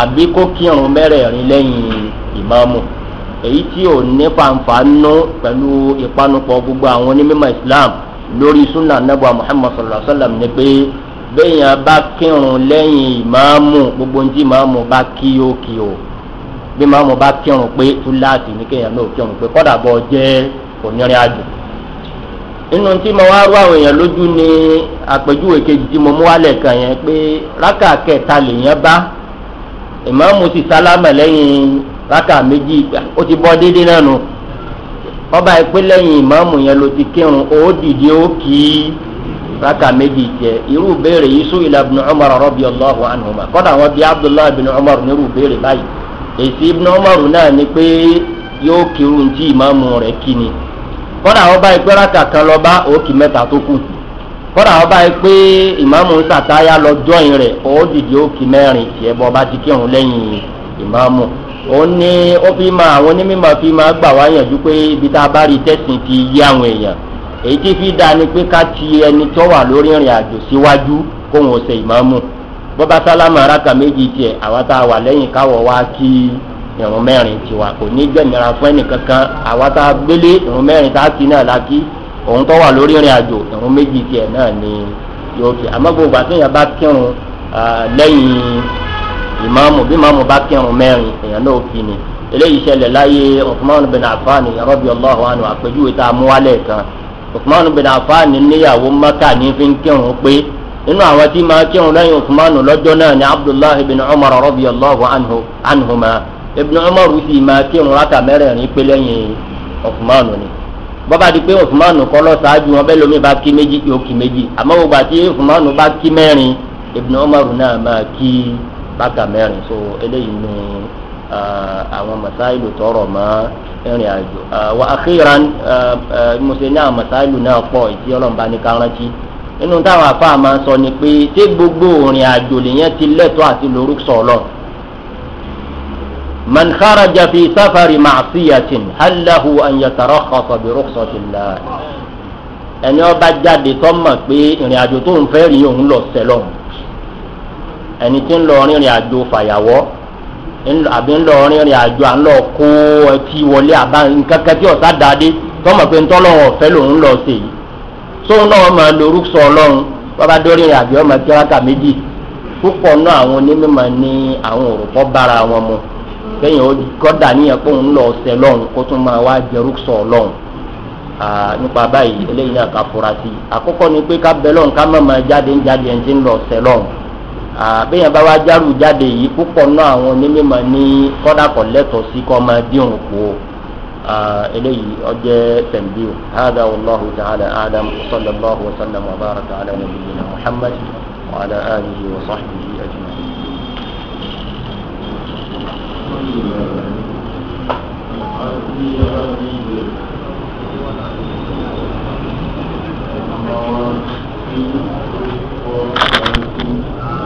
àbí kó kírun mẹ́rẹ̀ẹ̀rin lẹ́yìn ìmọ̀ọ́mù èyí tí ò ní fàǹfà nú pẹ̀lú ìpanupọ̀ gbogbo àwọn onímọ̀ islam lórí sunnah nebo muhammad sallallahu alaihi wa sallam ni pé béèyàn bá kírun lẹ́yìn ìmáàmù gbogbo ní tí ìmáàmù bá kí ó o bí ìmáàmù bá kírun pé túláàtì ní kéèyàn náà kírun pé kọ́dà bọ́ jẹ́ onírìn àjò. inú tí mo wá rú àwọn èèyàn lójú ni àpèjúwe kejì tí mo mú wálẹ̀ raka yẹn pé rákà kẹta lèèyàn bá ìmáàmù ti sálámà lẹ́yìn rákà méjì ó ti bọ́ déédéé náà nù ọba ìpínlẹ̀ yìí ìmáàmù yẹn ló ti kírun ó dìde ó kì í raka méjì jẹ irú béèrè yìí sún ilà ibùnú umar rọbì allahu anhuma abdullahi ibùnú umar nírú béèrè bayi esi ibùnú umar naa ni pe yóò kírun tí ìmáàmù rẹ̀ kini ni kọ́dà kan lọ ba òkì mẹ́ta tó kù kọ́dà àwọn báyìí pé ìmáàmù sàtáyà lọ jọ́yìn rẹ̀ ó dìde òkì mẹ́rin tiẹ̀ bọ́ ti kírun lẹ́yìn ìmáàmù èyí tí fi dáa ni pé ká ti ẹni tó wà lórí ìrìn àjò síwájú kóun ó ṣe ìmáàmù bọ́bá sálámù araka méjì tiẹ̀ àwa tá a wà lẹ́yìn káwọ̀ wá kí ìrùn mẹ́rin tiwa kò ní jẹ̀nira fún ẹnìkankan àwa tá a gbélé ìrùn mẹ́rin tá a kí náà la òun tó wà lórí ìrìn àjò ìrùn méjì tiẹ̀ náà ni yóò kí àmọ́ gbogbo àtúnyàn bá kírun lẹ́yìn ìmáàmù bí ìmáàmù bá kírun mẹ́rin èèyàn náà kí ni eléyìí ṣẹlẹ̀ láyé ọ̀fọ̀mọ́nù bẹ̀rẹ̀ àfáàní rọ́bì ọlọ́run àpèjúwe tá a mú wálẹ̀ kan usman bin afaan níyàwó maka ní fi ń kírun pé nínú àwọn tí máa kírun lẹ́yìn usman lọ́jọ́ náà ni abdullahi bin umar radiyallahu anhu anhuma ibn umar sì máa kírun rákà mẹ́rẹ̀ẹ̀rin pé lẹ́yìn usman ni bọ́ba di pé usman kọ́ lọ ṣáájú wọn bẹ́ẹ̀ lómi bá kí méjì yóò kí méjì àmọ́ gbogbo àti usman bá kí mẹ́rin ibn umar náà máa kí rákà mẹ́rin so eléyìí ni àwọn masáìlù tọrọ mọ́ ìrìn àjò wa akhiran mọ̀sẹ̀ ní àwọn masáìlù náà pọ̀ ìdí ọlọ́mba ní kárántì nínú táwọn afáà máa sọ ni pé tí gbogbo ìrìn àjò lèyẹn ti lẹ́tọ́ àti lórúkọ ọlọ́run من خرج في سفر معصية هل له أن ẹni ọba jáde tọmọ pé ìrìn àjò tó ń fẹ́ rí òun lọ sẹlọ ẹni tí ń lọ rìnrìn àjò fàyàwọ́ àbí ńlọ rìnrìn àjò à ń lọ kó ẹtí wọlé àbá nǹkan kan tí ọ̀sá dáadé tọ́mọ̀ pé ńtọ́lọ́wọ̀n ọ̀fẹ́ lòún lọ sí yìí sóun náà máa lorú sọ ọlọ́run bàbá dọ́rìn àjò ọmọ tí wákà méjì púpọ̀ náà àwọn onímọ̀ ní àwọn òrùkọ́ bára wọn mu kẹ́yìn kọ́dà níyẹn pé òun lọ sẹ́ lọ́run kó tún máa wá jẹrú sọ ọlọ́run nípa báyìí eléyìí náà ká sí àkọ́kọ́ ni pé ká bẹ lọ́run ká má máa jáde ń jáde ẹni tí ń lọ sẹ́ lọ́run àbẹ̀yẹn bá wá járù jáde yìí púpọ̀ náà àwọn onímọ̀ ní kọ́dà kọ̀ lẹ́tọ̀ọ́ sí kọ́ máa dín òun kú o eléyìí ọjẹ́ tẹ̀m̀bí o hádà wàlláhu ta'ala adam sallallahu sallam wa baraka ala muhammad wa ala alihi wa sahbihi ajma'in. Thank you.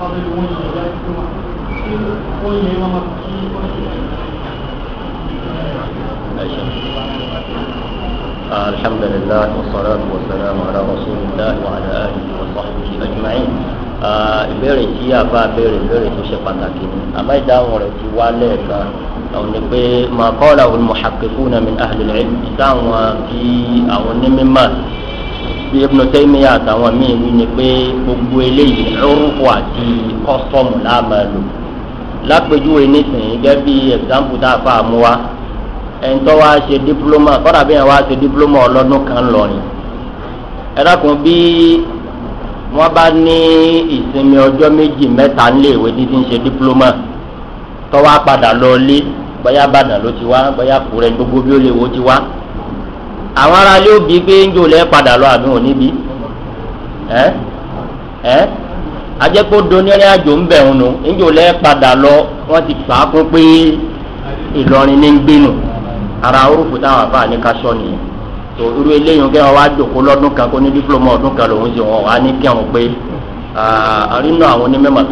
他这个问题在对吧？欢迎那么第一关系。الحمد لله والصلاة والسلام على رسول الله وعلى آله وصحبه أجمعين ìbéèrè tí a bá béèrè ìbéèrè tó ṣe pàtàkì ni àmọ́ ìdáhùn rẹ̀ ti wá lẹ́ẹ̀kan àwọn ni pé màkọ́lá olùmọ̀ṣàkẹ́kù náà mi àhàlẹ̀ rẹ̀ ìdáhùn tí àwọn onímọ̀ bí Ibn Taymiyyah àtàwọn míì wí ni pé gbogbo eléyìí rúrùkù àti kọ́sọ́mù láàmà lápèjúwe nísìnyí gẹ́gẹ́ bí ẹ̀gbáǹpù tá a fà mú wa ẹ̀ńtọ́ wa ṣe dípúlọ́mà kọ́dà bí yẹn wa ṣe dípúlọ́mà ọlọ́dún kan lọ́rin ẹ̀dàkùn bí wọ́n bá ní ìsinmi ọjọ́ méjì mẹ́ta níléèwé títí ń ṣe dípúlọ́mà tọ́wọ́ padà lọ lé bóyá Ìbàdàn ló ti wá bóyá Àkúrẹ́ gbogbo bí ó lè wo ti wá. àwọn ara ilé òbí pé ń jò lẹ́ padà lọ àbí wọn níbí ẹ ẹ ajẹ́pọ̀ donírìn àjò ń bẹ̀ ń padà lọ wọ́n ti fà á kún pé ìlọrin ní ń ara orúkú táwọn àbá ní ká sọ nìyẹn tó irú eléyìí kí wọn wá jòkó lọ́dún kan kó ní dípúlọ́mù ọdún kan lòún ṣe wọn wá ní kí pé àrínú àwọn onímọ̀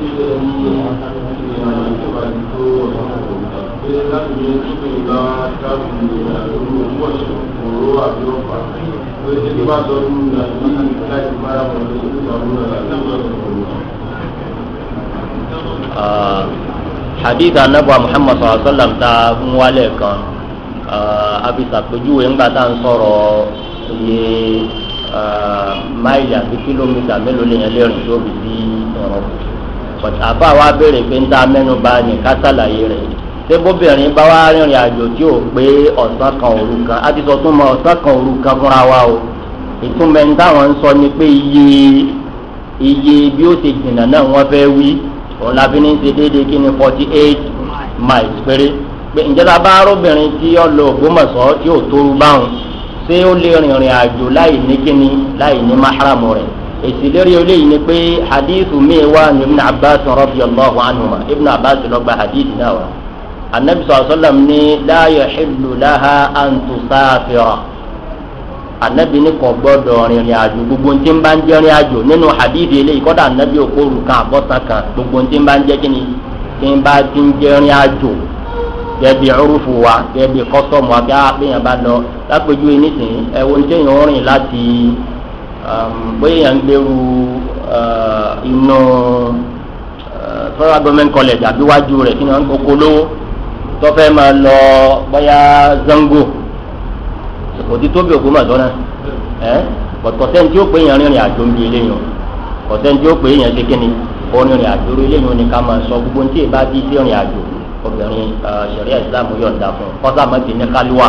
hadith anabu muhammad sallallahu alaihi wa sallam ta ń wálẹ̀ kan abisapẹjuwe ńgbà tá à ń sọ̀rọ̀ iye máìlì àti kìlómítà mélòó lèyàn lè rìn tó fi sí ọ̀rọ̀ kù àbá wa béèrè pé ń ta mẹ́nuba ní ká sàlàyé rẹ̀ ṣé bóbìnrin bá wá rìnrìn àjò tí ò pé ọ̀sán kan òru kan á ti sọ tún mọ ọ̀sán kan òru kan fúnra wa o ìtumọ̀ ń táwọn ń sọ ni pé iye iye bí ó ti jìnnà náà wọ́n fẹ́ wí òun la fi ní ṣe déédéé kí ni forty eight miles péré pé ìjọba bá arábìnrin tí ó lọ ògbómọ̀ṣọ́ tí ò tóru báwọn ṣé ó lè rìnrìn àjò láì ní kíni láì ní máhàrámù rẹ̀ èsì lérí eléyìí ni pé hadith mi wà ní ibn abbas radiyallahu anhuma ibn abbas ló gba hadith náà wá anabi sọ̀rọ̀ sọ́lá ní la yahillu laha an tusafira anabi ní kò gbọ́dọ̀ rìnrìn àjò gbogbo ntí bá ń jẹ́ rìn àjò nínú hadith eléyìí kọ́dà anabi òkòrò kan àbọ̀sán kan gbogbo ntí bá ń jẹ́ kí ni kí bá ti ń jẹ́ rìn àjò gẹbi ọrùfù wa gẹbi kọsọmù wa bí a bẹyàn bá lọ lápẹjù yìí nísìnyí ẹwọn tẹyàn rìn Um, bóyá yàn ń gbèrú uh, inú uh, federal government college àbíwájú rẹ̀ kí ni wọ́n ń kókó tó fẹ́ máa lọ bóyá zango òtí tóbi òkú màdọ́nà ẹ kọ̀tọ̀sẹ́ tí ó pé yẹn rìnrìn àjò ń bi eléyìí kọ̀tẹ́ tí ó pé yẹn ṣe kíni orinrin àjò orí eléyìí ni ká máa sọ gbogbo ní tí ì bá bí sí ìrìn àjò obìnrin uh, ṣẹ̀ríà ìsìlámù yọ̀ǹda fún kọ́sàmọ́tì ní kálíwà.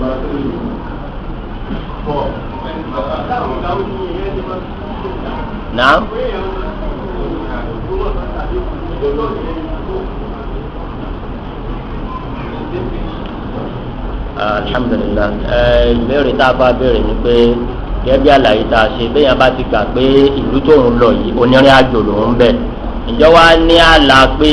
náà. alhamdulilah ẹ ìbéèrè tá a bá béèrè ni pé gẹ́gẹ́ àlàyé tá a ṣe bẹ́ẹ̀ yẹn bá ti gbà pé ìlú tó ń lọ yìí onírìn àjò ló bẹ̀ ǹjọ́ ní àlà pé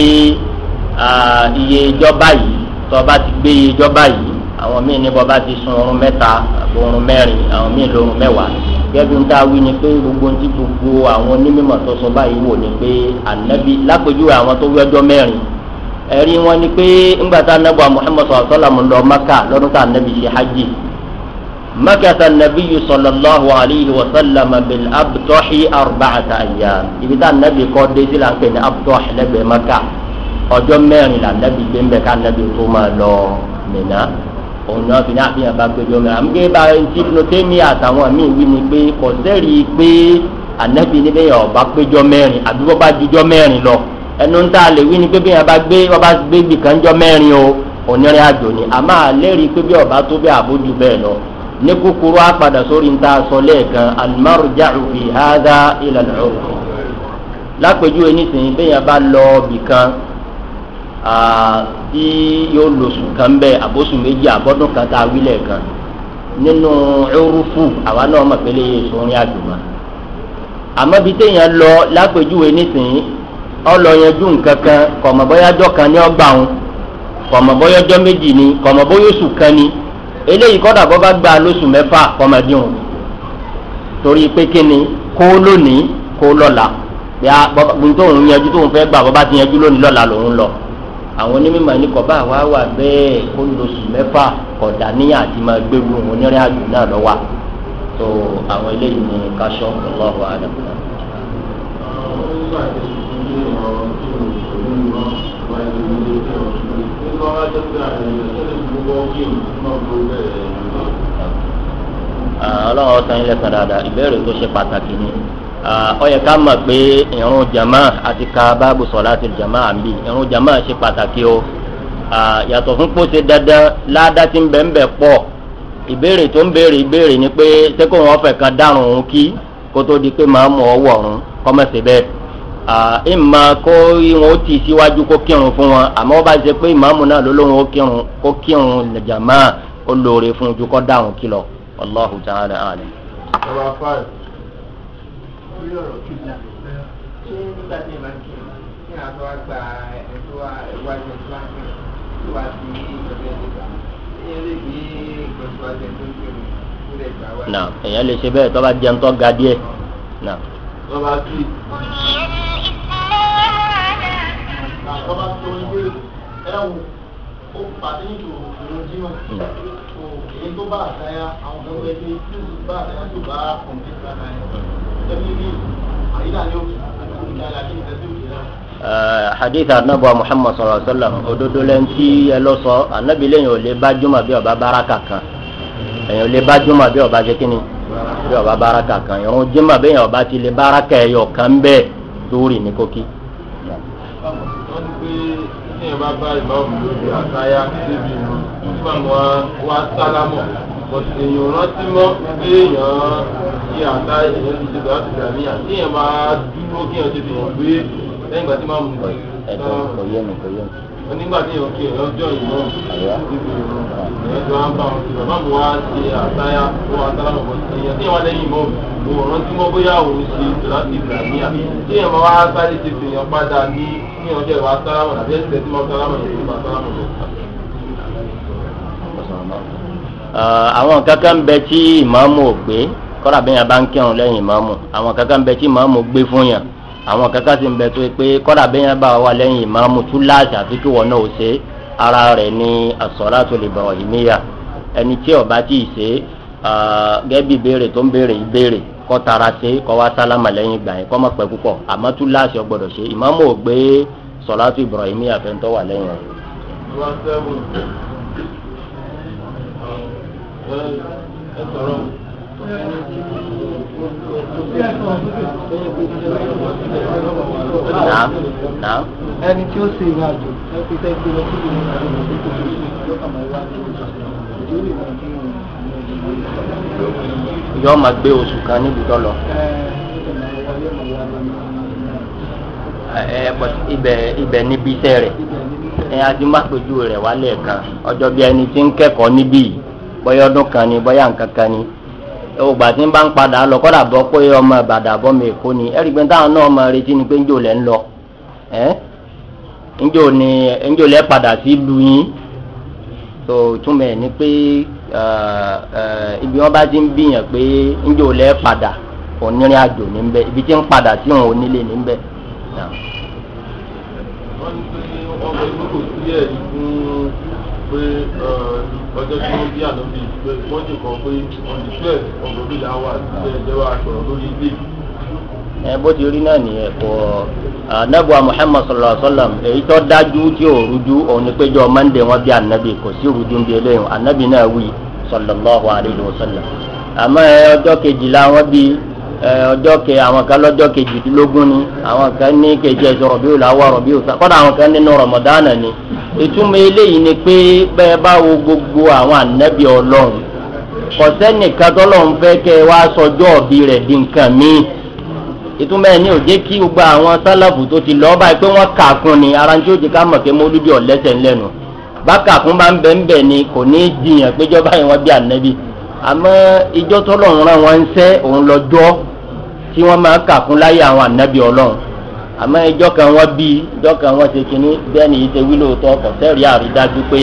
iye ìjọba yìí tó bá ti gbé iye ìjọba yìí àwọn míì ní bọba ti sun oorun mẹ́ta oorun mẹ́rin àwọn míì lóorun mẹ́wàá gẹ́gẹ́ ń tá a wí ni pé gbogbo ti gbogbo àwọn onímọ̀ tó sọ báyìí wò ni pé ànábi lápèjúwe àwọn tó wẹ́jọ́ mẹ́rin ẹ̀rí wọn ni pé ńgbà tá anábọ̀ muhammed sọ̀rọ̀ sọ́lá mu lọ maka lọ́dún tá anábi ṣe hajj makata nabiyu sallallahu alayhi wa sallam bil abdohi arbacata ayyam ibi tá anábi kọ́ dé sí láǹpẹ̀ ní abdohi lẹ́gbẹ̀ẹ́ maka ọjọ́ mẹ́rin là anábi gbé ń bẹ̀ ká anábi tó máa lọ mìíràn òun náà fi ní àfihàn bá gbẹjọ mẹ́rin àmúgbé bá ti Ibnu Taymiyyah àtàwọn míì wí ni pé kò sẹ́rí pé ànábì níbẹ̀ yẹn ọba péjọ mẹ́rin àbí bọ́ bá dijọ́ mẹ́rin lọ ẹnu ń tà lè wí ni pé bí yẹn bá gbé ọba gbé gbìkan jọ mẹ́rin o onírìn àjò ni a máa lẹ́rìí pé bí ọba tó bẹ́ẹ̀ àbójú bẹ́ẹ̀ lọ ní kúkúrú á padà sórí ń ta sọ lẹ́ẹ̀kan al-marja'u fi hadha ila al-urf lápèjúwe nísìnyí bí yẹn bá lọ bìkan tí yóò lòsùn kan bẹ́ẹ̀ àbòsùn méjì àbọ́dún kan tá a wílẹ̀ kan nínú ẹrúfù àwa náà mọ̀ pé léyè sórin àdùnmá àmọ́ bí téèyàn lọ lápèjúwe nísìnyí ọlọ́yanjú nǹkan kan kọ̀mọ̀bọ́yájọ́ kan ní ọgbà òun kọ̀mọ̀bọ́yájọ́ méjì ni kọ̀mọ̀bọ́yọ́sù kan ni eléyìí kọ́dà bọ́ bá gba lóṣù mẹ́fà kọ́mọdéhùn torí pé kíni kó lónìí kó lọ́la bí a gbogbo tóun yanjú tóun fẹ́ gbà bọ́ bá ti yanjú lónìí lọ́la lòun lọ. Lo àwọn onímọ̀ ní kọ́ bá wa wà bẹ́ẹ̀ kó lóṣù mẹ́fà kọ̀dà níyà àti máa gbéru wọn onírìn àjò náà lọ́wọ́ tó àwọn eléyìí ní káṣọ́ ọlọ́run àdàbọ̀nà. Ah, ọlọ́run ọ̀sán ilẹ̀ kan dáadáa ìbéèrè tó ṣe pàtàkì ni. ọyẹ ká mọ̀ pé jama àti ka báàbù jama àmì ìrun jama ṣe pàtàkì o yàtọ̀ fún pọ́sẹ̀ dandan ládá tí ń bẹ̀ ń bẹ̀ pọ̀ ìbéèrè tó ń béèrè ìbéèrè ni pé sẹ́kọ̀ wọn kan dárùn kí kó tó di pé mọ̀ ọ́ wọ̀run bẹ́ẹ̀ ìmọ̀ kó wọn ó síwájú kó kírun fún wọn àmọ́ wọ́n bá ṣe lọ. Allahu ta'ala lórí ọ̀rọ̀ tó jà ṣé nígbà tí ìmọ̀ kí ní àtọ́ àgbà ẹ̀tọ́ ìwájú ẹ̀tọ́ àgbẹ̀ tó wá sí ìjọba ẹ̀dẹ́gbà ṣé lè gbé ìgbọ̀nsọ̀ àti ẹ̀tọ́ tó lè gbà wá. nà èèyàn lè ṣe bẹ́ẹ̀ tó bá jẹun tó ga díẹ̀ nà. tó bá kí. tó bá tó ń gbé ẹ̀wù ó pàṣẹ ní hmm. eh, Hadith anabu Muhammad sallallahu alaihi wa sallam òdodo lẹ́yìn tí ẹ lọ sọ anabi lẹ́yìn ò lè bá jùmọ̀ bí ọba baraka kan ẹ̀yìn ò lè bá jùmọ̀ bí ọba jẹ́ kínní bí ọba baraka kan ìrún jùmọ̀ bí ẹ̀yìn ọba ti lè baraka ẹ̀yọ̀ kan bẹ́ẹ̀ tó ní kókí tí yẹn bá bá ìmáàmù lórí àtayá débi ìlú nígbà wa sálámọ̀ bọ̀tù èèyàn rántí mọ́ pé èèyàn ti àtá èèyàn ti dìbò láti dà níyà tí yẹn máa dúró kí yẹn ti fi hàn lẹ́yìn ìgbà tí máa mú un gbà. ẹ̀dọ̀ kò yẹ onígbà tí yóò kí ọjọ́ ìmọ̀ níbi ìrọ̀ ẹ̀jọ̀ á ń bá wọn sí bàbá mi wá ṣe àtayá fún asálámọ̀ bọ́ sí ẹ̀yẹ tí wọ́n lẹ́yìn ìmọ̀ mi ò rántí mọ́ bóyá òun ṣe ìtòláṣí ìgbàmíà tí èèyàn máa wá sáré ti fi èèyàn padà ní ní ọjọ́ ìwà asálámọ̀ àbí ẹ̀sẹ̀ tí wọ́n sálámọ̀ yẹn nípa asálámọ̀ bọ́ àwọn kankan bẹ tí ìmáàmù ò gbé kọ́ra bí yẹn bá ń kírun lẹ́yìn ìmáàmù àwọn kankan bẹ tí ìmáàmù gbé fún yàn àwọn kankan sì ń bẹ tó pé kọ́dà bẹ́yẹn bá wà lẹ́yìn ìmáàmù túláàsì àfi kí wọn náà ó ṣe ara rẹ̀ ní àsọ̀rọ̀ àtòlè bọ̀rọ̀ ìmíyà ẹni tí ọba tí ì ṣe gẹ́bí béèrè tó ń béèrè ìbéèrè kọ́ tara ṣe kọ́ wá sálámà lẹ́yìn ìgbà yẹn kọ́ mọ̀ pẹ́ púpọ̀ àmọ́ túláàsì ọgbọ́dọ̀ ṣe ìmáàmù ò gbé sọ̀rọ̀ àtòlè bọ̀rọ̀ ìmíyà fẹ́ tó wà lẹ́yìn rẹ̀. Nàá nàá. Ẹni tí ó ṣe ìrìn àjò ẹni tẹ́ gbé lọ sí ìrìn àjò ìrìn àjò yóò máa gbé oṣù kan níbi tó lọ. ibẹ̀ ibẹ̀ níbi iṣẹ́ rẹ̀ ẹ̀yin àti mápẹ́jù rẹ̀ wálé ẹ̀kan ọjọ́ bí ẹni tí ń kẹ́kọ̀ọ́ níbí bọ́yá ọdún kan ni bọ́yá nǹkan kan ni. ẹwọ gbà tí ń bá ń padà lọ kọ́dà bọ́ pé ọmọ ìbàdàn bọ́ mi èkó ni ẹ̀rí pé táwọn náà máa retí ni pé ń jò lẹ́ ń lọ ń jò lẹ́ padà sí pe yín tó túmọ̀ ẹ̀ ni pé ibi wọn bá ti ń bìyàn pé ń jò lẹ́ padà onírìn àjò pé eh, ọjọ́ tí wọ́n bí ànábì pé wọ́n jù kan pé on the twelve ọ̀gbọ̀n mi là wà sí ẹ̀jẹ̀wà sọ̀rọ̀ lórí ilé. ẹ bó ti rí náà nìyẹn kọ anabu muhammad sallallahu alaihi wa sallam èyí tó dájú tí ò rújú òun ni péjọ mande wọn bí anabi kò sí rújú ń bí eléyìí anabi náà wí sallallahu alaihi wa sallam àmọ́ ọjọ́ kejìlá wọn bí ọjọ́ ke àwọn kan lọ́jọ́ kejìdínlógún ni àwọn kan ní kejì ẹ̀sọ́ rọ̀bíù làwọ̀ rọ̀bíù kọ́dà àwọn kan nínú rọ̀mọ̀dánà ni ìtumọ̀ eléyìí ni pé bẹ́ẹ̀ bá wo gbogbo àwọn ànábì ọlọ́run kọ̀sẹ́nìkan tọ́lọ́run fẹ́ kẹ́ ẹ wá sọjọ́ ọ̀bí rẹ̀ di nǹkan míì ìtumọ̀ ẹ̀ ò jẹ́ kí gbogbo àwọn sálàfù tó ti lọ́ọ́ báyìí pé wọ́n kà ni ara ní tí ó jẹ́ ká mọ̀ pé mólúdì ọ̀lẹ́sẹ̀ ńlẹ́nu bákà kún bá ń bẹ̀ ń bẹ̀ ni kò ní í jiyàn péjọ báyìí wọ́n bí ànábì àmọ́ ìjọ́ tọ́lọ́run rán wọn ń sẹ́ òun lọ́jọ́ tí wọ́n máa kà láyé àwọn ànábì ọlọ́run àmọ́ ìjọ kan wọ́n bí ìjọ kan wọ́n ṣe kínní bẹ́ẹ̀ ni ìṣe wílò tó ọkọ̀ sẹ́ẹ̀rí àrídájú pé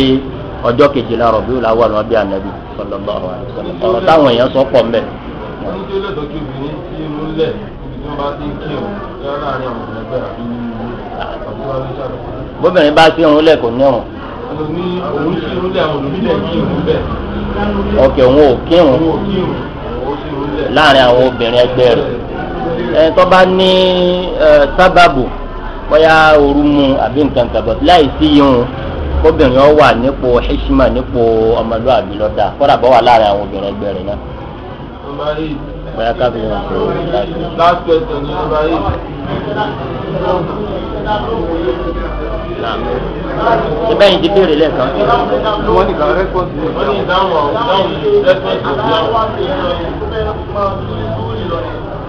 ọjọ́ kejìlá rọ̀bí ò láwọ̀ lọ́bí ànábì sọlọ́gbà ọ̀rọ̀ táwọn èèyàn sọ pọ̀ mbẹ́. bóbìnrin bá sí irun lẹ̀ kò ní ọ̀run. ọkẹ̀ òun ò kírun láàrin àwọn obìnrin ẹgbẹ́ rẹ̀ tó bá ní sábàbù bóyá ooru mu àbí nǹkan kàbọ̀ láì sí yíyún obìnrin ọ wà nípò hísímà nípò ọmọlúwàbí lọ́dà kọ́dà bọ́ wà láàrin àwọn obìnrin ẹgbẹ́ rẹ̀ náà. bóyá káfíń ń sọ láti. last question ní ọba yìí. Ibẹ̀ yìí ti béèrè lẹ́ẹ̀kan. Wọ́n ní ìdáhùn rẹ́pọ̀tì. Wọ́n ní ìdáhùn rẹ́pọ̀tì.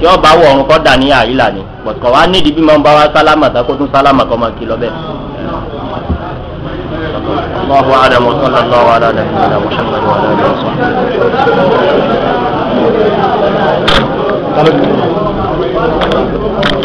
tí ó bá wọ ọrùn kọ́ dà ní àyílà ni pọ̀tùkọ̀ wá nídìí bí máa ń bá wa sálámà tá kó tún sálámà kọ́ máa kí lọ bẹ́ẹ̀. الله أعلم وصلى الله على نبينا محمد وعلى آله وصحبه